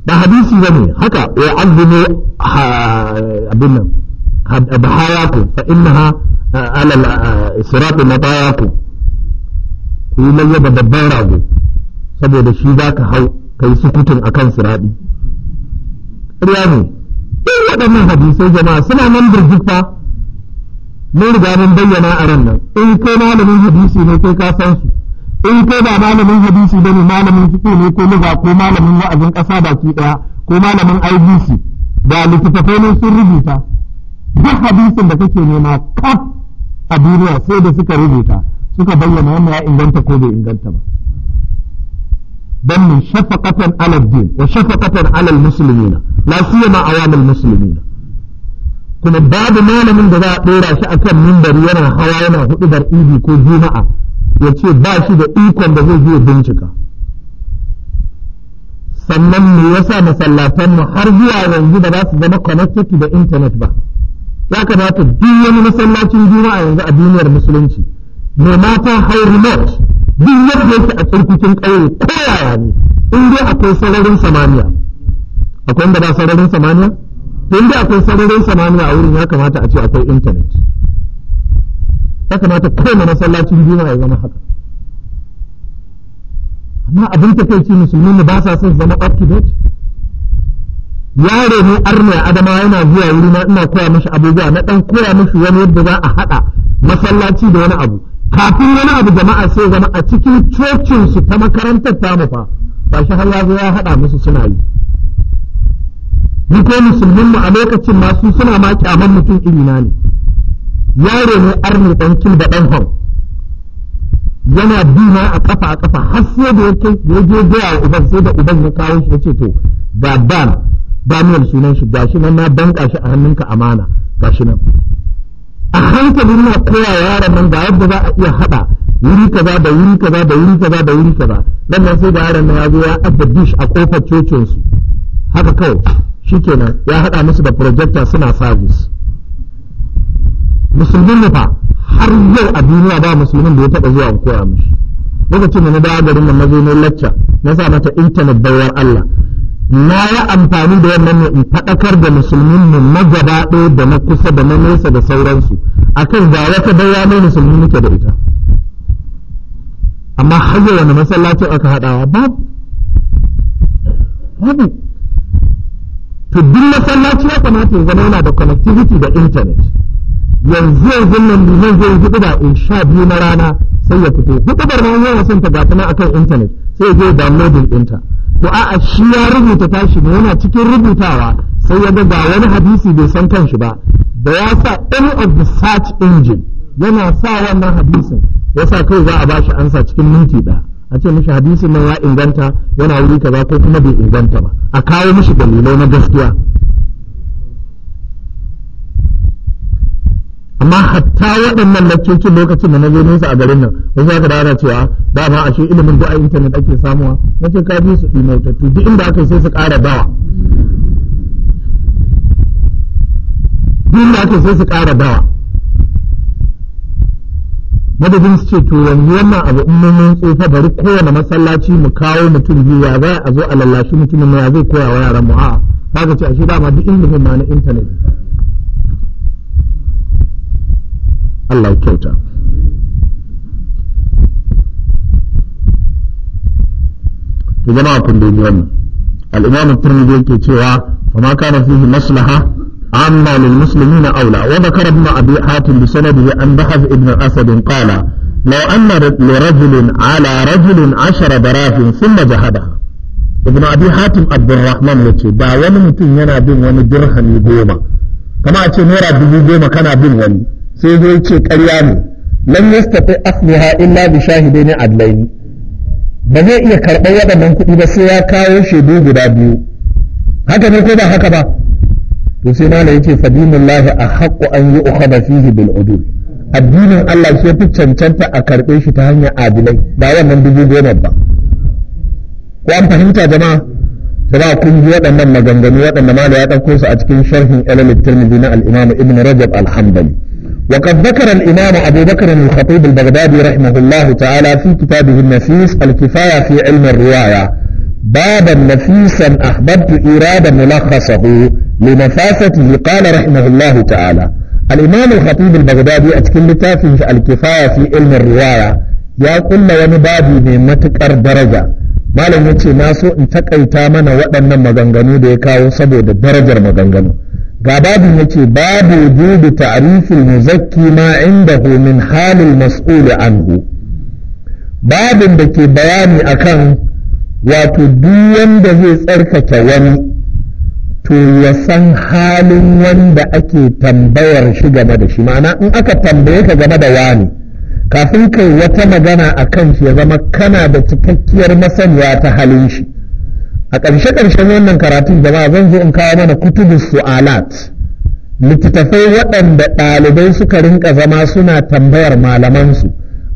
ba hadisi ba ne haka ya azumi abin nan bahayaku fa innaha alal siratu matayaku ku yi layya babban rago saboda shi za ka hau kai sukutun akan siradi ƙarya ne ɗin waɗannan hadisai jama'a suna nan birgifa mun riga mun bayyana a ran nan in kai malamin hadisi ne kai ka san su in ko ba malamin hadisi bane malamin fiqh ne ko lugha ko malamin wa'azin ƙasa baki ɗaya ko malamin IBC da littattafai ne sun rubuta duk hadisin da kake nema kaf a duniya sai da suka rubuta suka bayyana wannan ya inganta ko bai inganta ba dan min shafaqatan ala din wa shafaqatan ala almuslimina la siyama awamil muslimina kuma babu malamin da za a dora shi akan minbari yana hawa yana hudubar idi ko juma'a ya ce ba shi da ikon da zai biya bincika sannan me yasa masallatanmu har zuwa yanzu ba za su zama connected da intanet ba ya kamata duk wani masallacin a yanzu a duniyar musulunci no matter how remote duk yadda yake a cikin ƙauye yaya ne in dai akwai sararin samaniya akwai inda ba sararin samaniya in akwai sararin samaniya a wurin ya kamata a ce akwai intanet ya kamata kowane masallacin juna ya zama haka amma abin takaici musulmi ne ba sa son zama up yaro ne arna adama yana zuwa wuri na ina koya mashi abubuwa na ɗan koya mashi wani yadda za a haɗa masallaci da wani abu kafin wani abu jama'a sai zama a cikin cocin su ta makarantar mu fa ba shi har yazo ya haɗa musu suna yi ni ko musulmin mu a lokacin masu suna ma kyaman mutum irina ne yaro ne arni dan kil da dan hon yana bina a kafa a kafa har sai da yake ya je gaya wa uban sai da uban ya kawo shi yace to ga dan Daniel sunan shi gashi nan na banka shi a hannunka amana gashi nan a hankali na koya yaron nan ga yadda za a iya hada wuri kaza da wuri kaza da wuri kaza da wuri kaza nan sai da yaron nan ya zo ya adda dish a kofar cocin su haka kawai shikenan ya hada musu da projector suna service musulmin ne har yau a duniya ba musulmin da ya taɓa zuwa koya mushi lokacin da na dawo garin nan mazo ne lacca na sa mata intanet bayar Allah na yi amfani da wannan ne in faɗakar da musulmin mu na gaba da na kusa da na nesa da sauransu akan ga wata mai musulmi muke da ita amma har yau wani masallacin aka haɗawa babu babu to duk masallaci ya kamata ya zama yana da connectivity da internet yanzu yanzu nan zan zai hudu da in sha biyu na rana sai ya fito da rana yana son ta gata na akan intanet sai ya je downloading ɗinta to a'a shi ya rubuta tashi ne yana cikin rubutawa sai ya ga wani hadisi bai san kanshi ba da ya sa any of the search engine yana sa wannan hadisin ya sa kai za a bashi ansa cikin minti ɗaya a ce mishi hadisin nan ya inganta yana wuri kaza ko kuma bai inganta ba a kawo mishi dalilai na gaskiya amma hatta waɗannan lokacin lokacin da na zo nesa a garin nan wasu aka dara cewa ba ma ashe ilimin da a intanet ake samuwa na ce ka bi su ɗimautattu duk inda aka sai su ƙara bawa duk inda aka sai su ƙara dawa madadin su ce to yanzu wannan abu in mun tsofa bari kowane masallaci mu kawo mutum biyu ya za a zo a lallashi mutumin ya zai koya wa yaran mu a'a ka ce a shi dama duk ilimin ma na intanet Allah kyauta to jama'a kun dai wannan al-imam zai ke cewa fa kana fihi maslaha amma lil na aula wa dhakara ibn abi da bi sanadihi an bahaz ibn asad qala law anna lirajulin ala rajulin 10 darafin thumma jahadaha ibn abi hatim abdurrahman yace ba wani mutum yana bin wani dirhami goma kama a ce naira dubu goma kana bin wani sai zo ce ƙarya ne lam yastati akhdaha illa bi shahidain adlaini ba zai iya karɓar waɗannan kuɗi ba sai ya kawo shaidu guda biyu haka ne ko ba haka ba to sai mala yake fadinullahi a haƙƙo an yi ukhada fihi bil udul addinin Allah shi fi cancanta a karɓe shi ta hanyar adilai ba wannan dubu goma ba ko an fahimta jama'a jama'a kun ji waɗannan maganganu waɗanda mala ya ɗauko su a cikin sharhin ilal tirmidhi na al-imam ibn rajab al-hanbali وقد ذكر الإمام أبو بكر الخطيب البغدادي رحمه الله تعالى في كتابه النفيس الكفاية في علم الرواية بابا نفيسا أحببت إيراد ملخصه لنفاسته قال رحمه الله تعالى الإمام الخطيب البغدادي أتكلم في الكفاية في علم الرواية يا كل ونبادي من متكر درجة ما لم يتي ناسو انتقيتا من وأن مغنغنو ديكاو سبو دي درجة مغنغنو ga babu yace babu wujudu ta'rifil muzakki ma indahu min halil mas'ul anhu babin da ke bayani akan wato duk wanda zai tsarkake wani to ya san halin wanda ake tambayar shi game da shi ma'ana in aka tambaye ka game da wani kafin kai wata magana a kan shi ya zama kana da cikakkiyar masaniya ta halin shi a ƙarshe-ƙarshen wannan karatun jama'a zan zo in kawo mana kutubu su'alat littattafai waɗanda ɗalibai suka rinka zama suna tambayar malamansu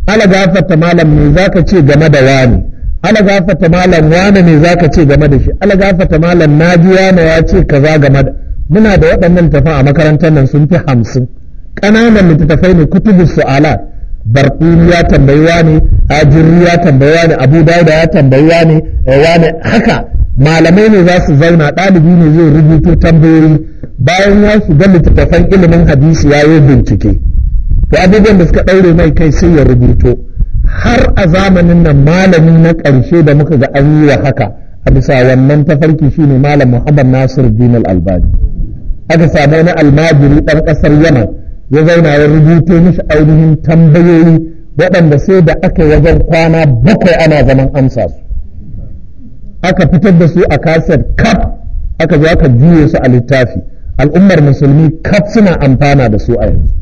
ala gafata malam me zaka ce game da wani ala gafata malam wani me zaka ce game da shi ala gafata malam naji wani ya ce kaza game da muna da waɗannan tafa a makarantar nan sun fi hamsin ƙananan littattafai ne kutubu su'alat barkuni ya tambayi wani ajiri ya tambayi wani abu dauda ya tambayi wani eh, wani haka malamai ne za su zauna ɗalibi ne zai rubuto tambayoyi bayan ya shiga littattafan ilimin hadisi ya yi bincike to abubuwan da suka ɗaure mai kai sai ya rubuto har a zamanin nan malami na ƙarshe da muka ga an yi wa haka a bisa wannan tafarki shine malam muhammad nasir din albani aka samu wani almajiri ɗan ƙasar yaman ya zauna ya rubuto mishi ainihin tambayoyi waɗanda sai da aka wajen kwana bakwai ana zaman amsa su aka fitar da su a kasar kaf aka zo aka juye su a littafi al'ummar musulmi kaf suna amfana da su a yanzu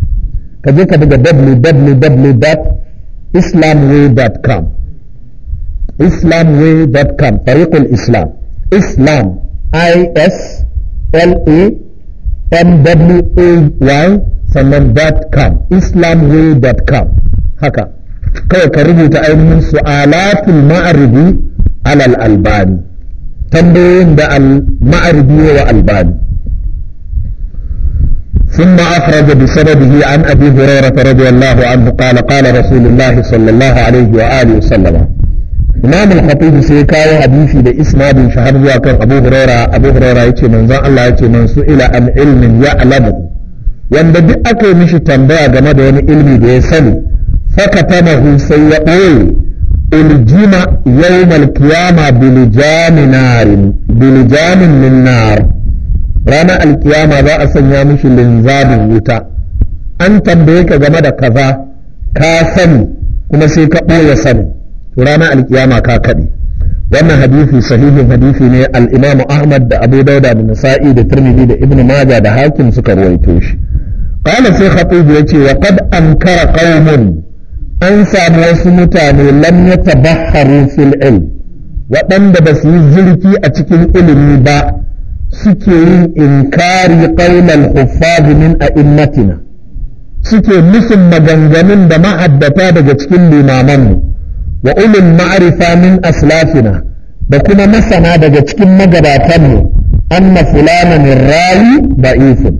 ka je ka daga www.islamway.com islamway.com tarikul islam islam i s l a m w a y sannan .com islamway.com haka kawai ka rubuta ainihin su'alatul ma'aridi alal albani tambayoyin da ma'arbi wa albani ثم أخرج بسببه عن أبي هريرة رضي الله عنه قال قال رسول الله صلى الله عليه وآله وسلم إمام الخطيب سيكاو حديثي بإسناد شهر وكان أبو هريرة أبو هريرة يتي من زان الله يتي من سئل عن علم يعلمه wanda duk aka yi mishi tambaya game da wani ilmi da ya sani fakatamahu sai ya ɓoye urjima yawmal qiyama bilijami narin bilijamin min nar ranar alkiyama za a sanya mishi linzamin wuta an tambaye ka game da kaza ka sani kuma sai ka ɓoye sani ranar alkiyama ka kaɗi wannan hadisi sahihin hadisi ne al-imamu ahmad da abu dauda da nasa'i da tirmidhi da ibnu Maja da hakim suka ruwaito shi qala sai ya ce wa qad ankara qaumun an samu wasu mutane lam ya tabahharu fil ilm waɗanda ba su yi zurfi a cikin ilimi ba suke yin inkari qaulal huffaz min a'immatina suke musun maganganun da ma'addata daga cikin limamanmu wa ulul ma'arifa min aslafina da kuma masana daga cikin magabatanmu anna fulanan rawi da'ifun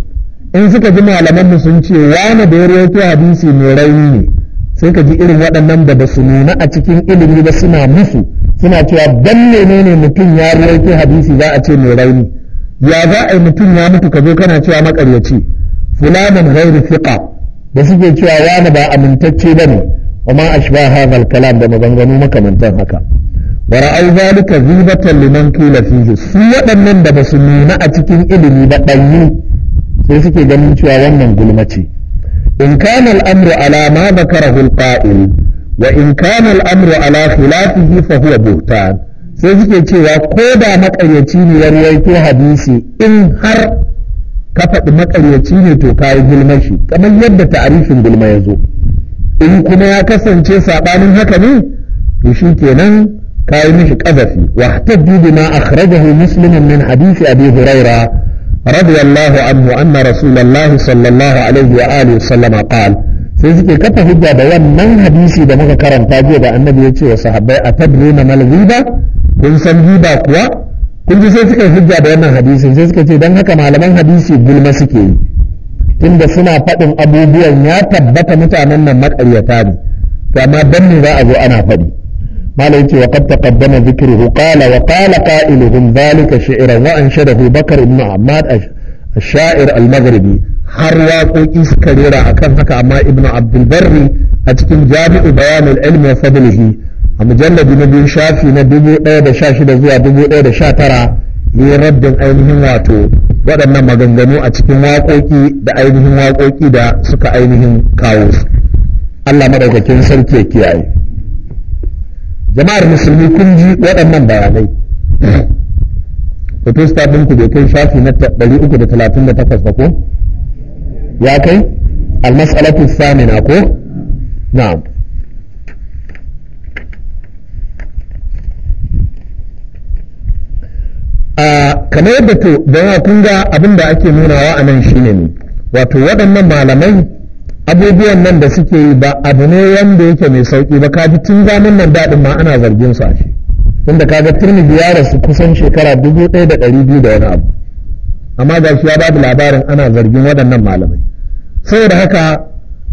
in suka ji malamanmu sun ce wani da ya rawaito hadisi mai rauni ne sai ka ji irin waɗannan da ba su nuna a cikin ilimi ba suna musu suna cewa dan menene mutum ya ruwaito hadisi za a ce mai rauni ya za a yi mutum ya mutu ka zo kana cewa makaryaci fulanin ghairu fiqa da suke cewa wani ba amintacce ba ne wa ma ashba hadha kalam da maganganu makamantan haka wa ra'aw zalika zibatan liman qila fihi su waɗannan da ba su nuna a cikin ilimi ba ɗanyi sai suke ganin cewa wannan gulma ce in kana al-amru ala ma dhakarahu al-qa'il wa in kana al-amru ala khilafihi fa sai suke cewa ko da makaryaci ne ya ko hadisi in har ka faɗi makaryaci ne to kayi gulma shi kamar yadda ta'arifin gulma ya zo in kuma ya kasance saɓanin haka ne to shi kenan yi mishi ƙazafi wa hatta bima akhrajahu muslimin min hadisi abi huraira رضي الله عنه أن رسول الله صلى الله عليه وآله وسلم قال sai suke kafa hujja da wannan hadisi da muka karanta jiya da annabi ya ce wa sahabbai a tadruna mal riba kun san riba kuwa kun ji sai suka hujja da wannan hadisin sai suka ce don haka malaman hadisi gulma suke yi tunda suna faɗin abubuwan ya tabbata mutanen nan maƙaryata ne to amma dan za a zo ana faɗi malai yace wa qad taqaddama dhikruhu qala wa qala qailuhum dhalika shi'ran wa anshadahu bakar ibn ahmad ash-sha'ir al-maghribi har waƙoƙi suka rera akan haka amma ibn abdul barri a cikin jami'u bayanan al-ilm wa fadlihi a mujalladi na biyu shafi na 1016 zuwa 1019 ne rabbin ainihin wato waɗannan maganganu a cikin waƙoƙi da ainihin waƙoƙi da suka ainihin kawu su Allah madaukakin sarki ya kiyaye jama'ar musulmi kun ji waɗannan bayanai hoto star ku bai kai shafi na 338 da ko ya kai almas'alatu samina ko na'am kamar yadda to don kun ga abin da ake nunawa a nan shine ne wato waɗannan malamai abubuwan nan da suke yi ba abu ne wanda yake mai sauki ba kaji tun zamanin nan daɗin ma ana zargin su a shi tunda kaga turmi ya rasu kusan shekara dubu ɗaya da ɗari biyu da wani abu amma ga shi ya babu labarin ana zargin waɗannan malamai saboda haka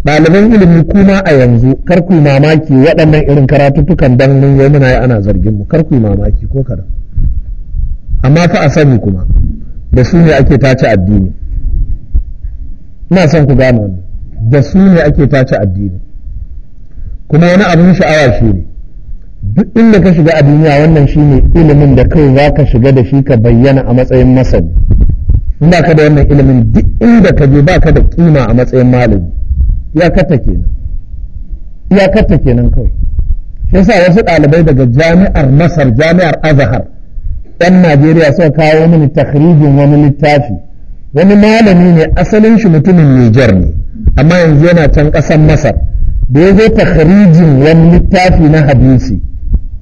ɗaliban ilimi kuma a yanzu kar mamaki waɗannan irin karatuttukan dan mun yi muna yi ana zargin mu kar mamaki ko kada amma fa a sani kuma da su ne ake tace addini ina son ku gane wannan da su ne ake tace addini kuma wani abin sha'awa shi ne duk inda ka shiga a duniya wannan shi ne ilimin da kai za ka shiga da shi ka bayyana a matsayin masani in ba ka da wannan ilimin duk inda ka je ba ka da kima a matsayin malami iyakarta kenan iyakarta kenan kawai yasa wasu ɗalibai daga jami'ar masar jami'ar azahar ɗan najeriya suka kawo mini takhrijin wani littafi wani malami ne asalin shi mutumin nijar ne amma yanzu yana can ƙasan masar da ya zo takharijin wani littafi na hadisi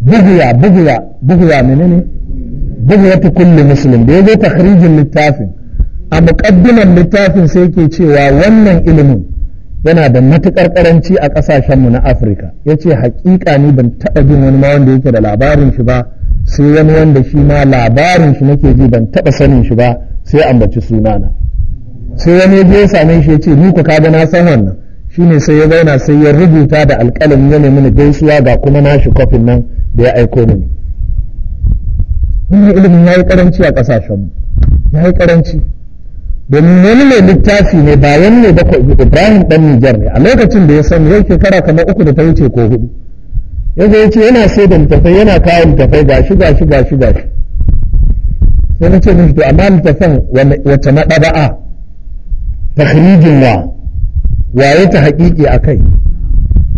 buguya buguya buguya menene buguya ta kulli musulun da ya zo takharijin littafin a muƙaddiman littafin sai ke cewa wannan ilimin yana da matuƙar ƙaranci a ƙasashenmu na afirka ya ce haƙiƙa ni ban taɓa jin wani ma wanda yake da labarin shi ba sai wani wanda shi ma labarin shi nake ji ban taɓa sanin shi ba sai ambaci sunana sai wani je ya same shi ya ce ni ku kaga na san wannan shine sai ya zauna sai ya rubuta da alƙalin ya nemi ni gaisuwa ga kuma nashi kofin nan da ya aiko mini wannan ilimin ya yi karanci a ƙasashenmu ya yi karanci domin wani mai littafi ne ba wani ne ba ibrahim dan nijar ne a lokacin da ya sani yau shekara kamar uku da ta wuce ko hudu yanzu ya ce yana sai da littafai yana kawo littafai gashi gashi gashi gashi sai na ce mishi to amma littafan wacce na ɗaba'a takhrijin wa waye ta haƙiƙi a kai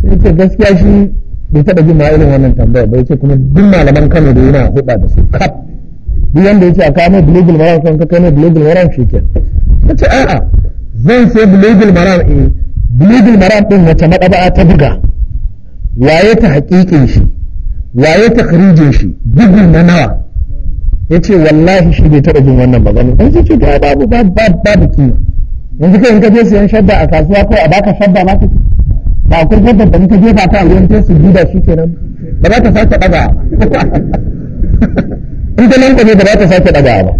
sai ce gaskiya shi bai taɓa jin irin wannan tambaya bai ce kuma duk malaman kano da yana huɗa da su kaf duk yanda ya ce a kawo mai bulugul maram kan ka kai mai bulugul maram shi ke ta ce a'a zan sai bulugul maram eh bulugul maram ɗin wace maɗaba'a ta buga waye ta hakikin shi waye ta kharijin shi Bugu na nawa ya ce wallahi shi bai taɓa jin wannan ba zan ce to babu babu babu kima yanzu kai in ka je siyan shadda a kasuwa ko a baka shadda ma ka ba ku shadda da ka jefa ta a wurin ta su gida shi kenan ba za ta sake daga in ta lanka ne ba za ta sake daga ba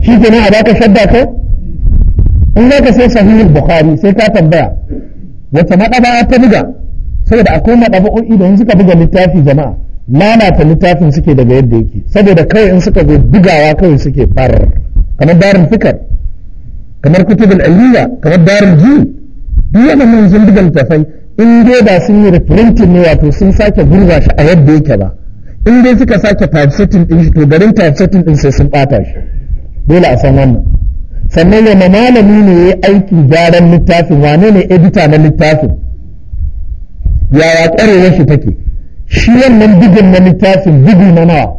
shi kenan a baka shadda ko in za ka sai sahihul bukhari sai ka tambaya wace madaba ta buga saboda akwai madaba da idan suka buga littafi jama'a lalata littafin suke daga yadda yake saboda kawai in suka zo bugawa kawai suke far kamar darin fikar kamar kutubul aliyya kamar darul ji duk waɗannan sun buga littafai in dai ba sun yi reprinting ne wato sun sake gurba shi a yadda yake ba in dai suka sake typesetting din shi to garin typesetting din sai sun bata shi dole a san wannan sannan yana malami ne ya aiki gyaran littafin wane ne edita na littafin yaya kwarewar shi take shi wannan bigin na littafin bugi na nawa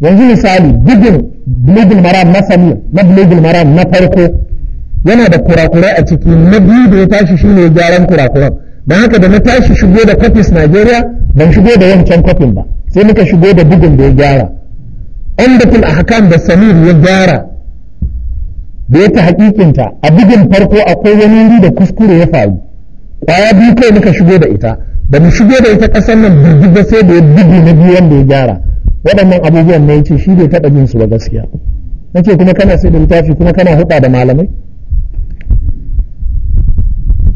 yanzu misali bugun blogul maram na samir na blogul maram na farko yana da kurakurai a ciki na biyu da ya tashi shine gyaran kurakuran don haka da na tashi shigo da kofis Najeriya ban shigo da wancan kofin ba sai muka shigo da bugun da ya gyara umdatul ahkam da samir ya gyara da ya ta hakikinta a bugun farko akwai wani wuri da kuskure ya faru kwaya biyu kai muka shigo da ita da mu shigo da ita kasar nan birgi ba sai da ya bugu na biyu wanda ya gyara waɗannan abubuwan na ya ce shi bai taɓa jin su ba gaskiya nace kuma kana sai da littafi kuma kana huɗa da malamai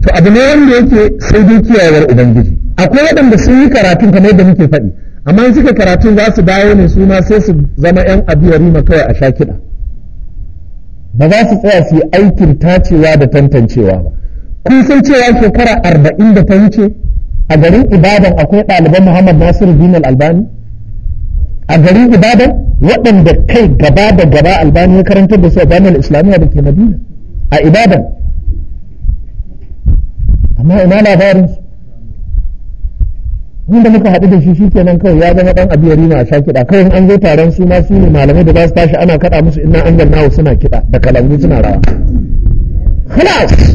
to abu ne wanda yake sai dai kiyayewar ubangiji akwai waɗanda sun yi karatun kamar da muke faɗi amma in suka karatun za su dawo ne suna sai su zama yan abiyari ma kawai a sha ba za su tsaya su yi aikin tacewa da tantancewa ba kun san cewa shekara arba'in da ta wuce a garin ibadan akwai ɗaliban muhammad nasiru bin albani a garin ibadan waɗanda kai gaba da gaba albani ya karantar da su a jami'ar islamiyya da ke madina a ibadan amma ina labarin wanda muka haɗu da shi nan kawai ya zama ɗan abu yarima a sha kiɗa kawai an zo taron su ma su ne malamai da za su tashi ana kaɗa musu ina an zanna suna kiɗa da kalangu suna rawa halas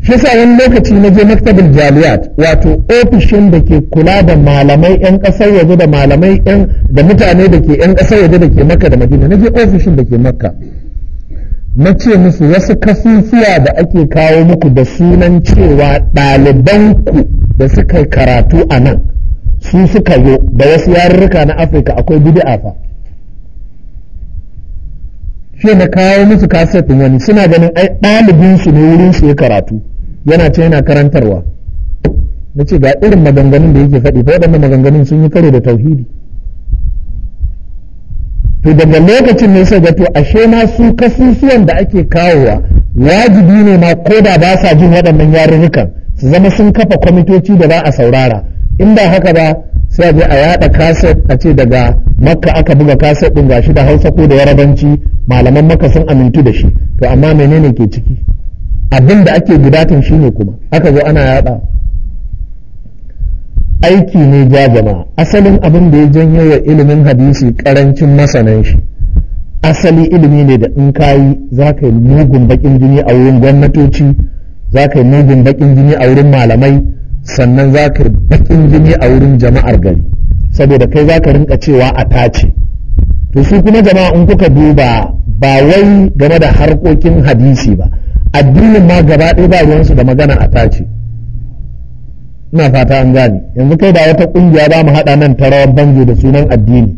shi sa wani lokaci na je maktabin jaliyat wato ofishin da ke kula da malamai 'yan kasar waje da malamai 'yan da mutane da ke 'yan kasar waje da ke makka da madina na je ofishin da ke makka na ce musu wasu kasusuwa da ake kawo muku da sunan cewa ɗalibanku da suka karatu a nan su suka zo da wasu yarurruka na afirka akwai bid'a fa shi na kawo musu kasetin wani suna ganin ai ɗalibinsu ne wurin su ya karatu yana ce yana karantarwa na ce ga irin maganganun da yake faɗi waɗannan maganganun sun yi karo da tauhidi to daga lokacin ne sai ga ashe ma su kasusuwan da ake kawowa wajibi ne ma ko da ba sa jin waɗannan yarurrukan su zama sun kafa kwamitoci da za a saurara in ba haka ba sai a je a yada kaset a ce daga makka aka buga kaset din gashi da hausa ko da yarabanci malaman makka sun amintu da shi to amma menene ke ciki abin da ake gudatun shine kuma aka zo ana yaɗa. aiki ne ja jama'a asalin abin da ya janyo wa ilimin hadisi karancin masanan shi asali ilimi ne da in kayi za ka yi mugun bakin jini a wurin gwamnatoci za ka yi mugun bakin jini a wurin malamai sannan za ka yi bakin jini a wurin jama'ar gari saboda kai za ka rinka cewa a tace to su kuma jama'a in kuka duba ba wai game da harkokin hadisi ba addinin ma gaba ɗaya ba ruwansu da magana a tace ina fata an gane yanzu kai da wata kungiya za mu haɗa nan ta rawar banjo da sunan addini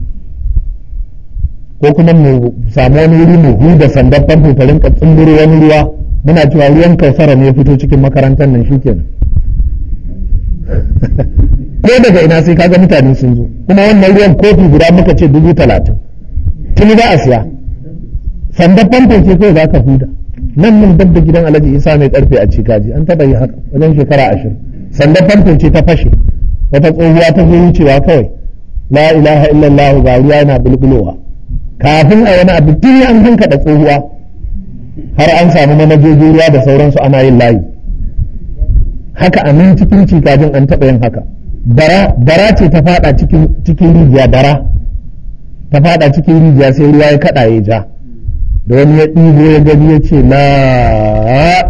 ko kuma mu samu wani wuri mu huda sandan famfo ta rinka tsumburu wani ruwa muna cewa ruwan kausara ne ya fito cikin makarantar nan shikenan ko daga ina sai kaga mutane sun zo kuma wannan ruwan kofi guda muka ce dubu talatin tuni za a siya sandan famfo ke kai za ka huda nan nan dab da gidan alhaji isa mai karfe a cikaji an taɓa yi haka wajen shekara ashirin sannan ce ta fashe wata tsohuwa ta zo wucewa kawai la ilaha illallah ga ruwa yana bulbulowa kafin a wani abu tun an tsohuwa har an samu manajojin ruwa da sauransu ana yin layi haka a nan cikin cikajin an taɓa yin haka dara ce ta fada cikin rijiya sai ruwa ya kaɗa ya ja da wani ya ɗigo ya gani ya ce la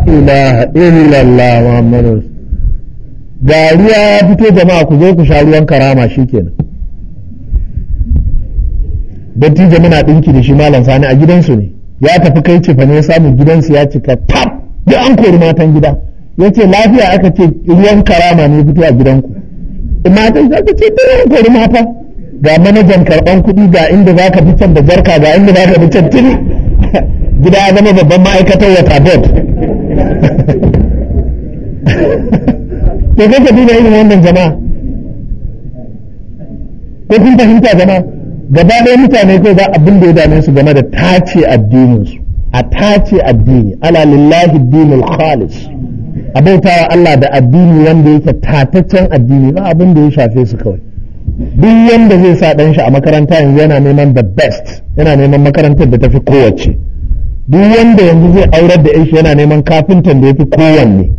ilaha illallah muhammadu ga ruwa ya fito jama'a ku zo ku sha ruwan karama shi shikenan dattijo muna ɗinki da shi malam sani a gidansu ne ya tafi kai cefa ne samun gidansu ya cika tab duk an kori matan gida ya ce lafiya aka ce ruwan karama ne fito a gidanku matan za ce an kori mata ga manajan karɓan kuɗi ga inda za ka fi da jarka ga inda za ka fi can tuni gida ya zama babban ma'aikatar wata bod to kai ka irin wannan jama'a ko kun fahimta zama? gaba ɗaya mutane kai ba abin da ya dame su game da tace addinin su a tace addini ala lillahi dinul khalis a Allah da addini wanda yake tataccen addini ba abin da ya shafe su kawai duk yanda zai sa ɗan shi a makaranta yanzu yana neman the best yana neman makarantar da tafi kowace duk wanda yanzu zai aurar da shi yana neman kafintan da ya fi kowanne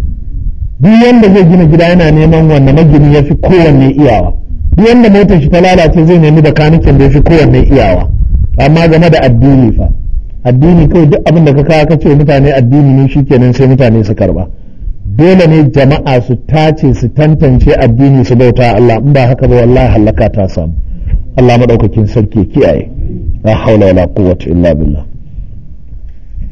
duk yanda zai gina gida yana neman wanda magini ya fi kowanne iyawa duk yanda motar shi ta lalace zai nemi da kanikin da ya fi kowanne iyawa amma game da addini fa addini kai duk abin da ka kawo ka ce mutane addini ne shi kenan sai mutane su karba dole ne jama'a su tace su tantance addini su bauta Allah in ba haka ba wallahi halaka ta samu Allah madaukakin sarki kiyaye la haula wala quwwata illa billah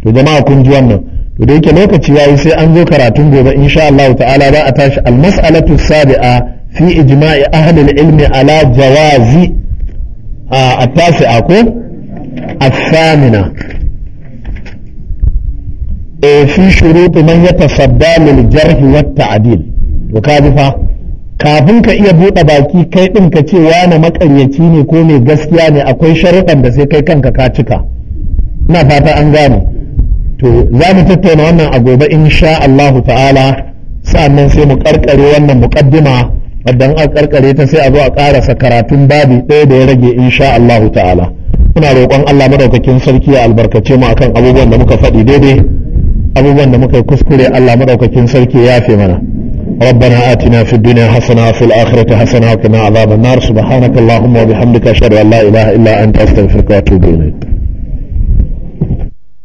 to jama'a kun ji wannan to da yake lokaci yi sai an zo karatun gobe insha Allah ta'ala za a tashi almas'alatu masalatu sabi'a fi ijma'i ahli ilmi ala jawazi tashi a ko E, الثامنة jarhi شروط من to ka والتعديل fa. kafin ka iya buɗe baki kai ɗin ka ce wani makanyaci ne ko mai gaskiya ne akwai sharuɗan da sai kai kanka ka cika ina fata an gane to za mu tattauna wannan a gobe insha Allahu ta'ala sa'annan sai mu karkare wannan muqaddima wadda an karkare ta sai a zo a karasa karatun babi ɗaya da ya rage insha Allahu ta'ala muna roƙon Allah madaukakin sarki ya albarkace mu akan abubuwan da muka faɗi daidai abubuwan da muka kuskure Allah madaukakin sarki ya yafe mana ربنا آتنا في الدنيا حسنة وفي الآخرة حسنة وقنا عذاب النار سبحانك اللهم وبحمدك أشهد أن لا إله إلا أنت أستغفرك وأتوب إليك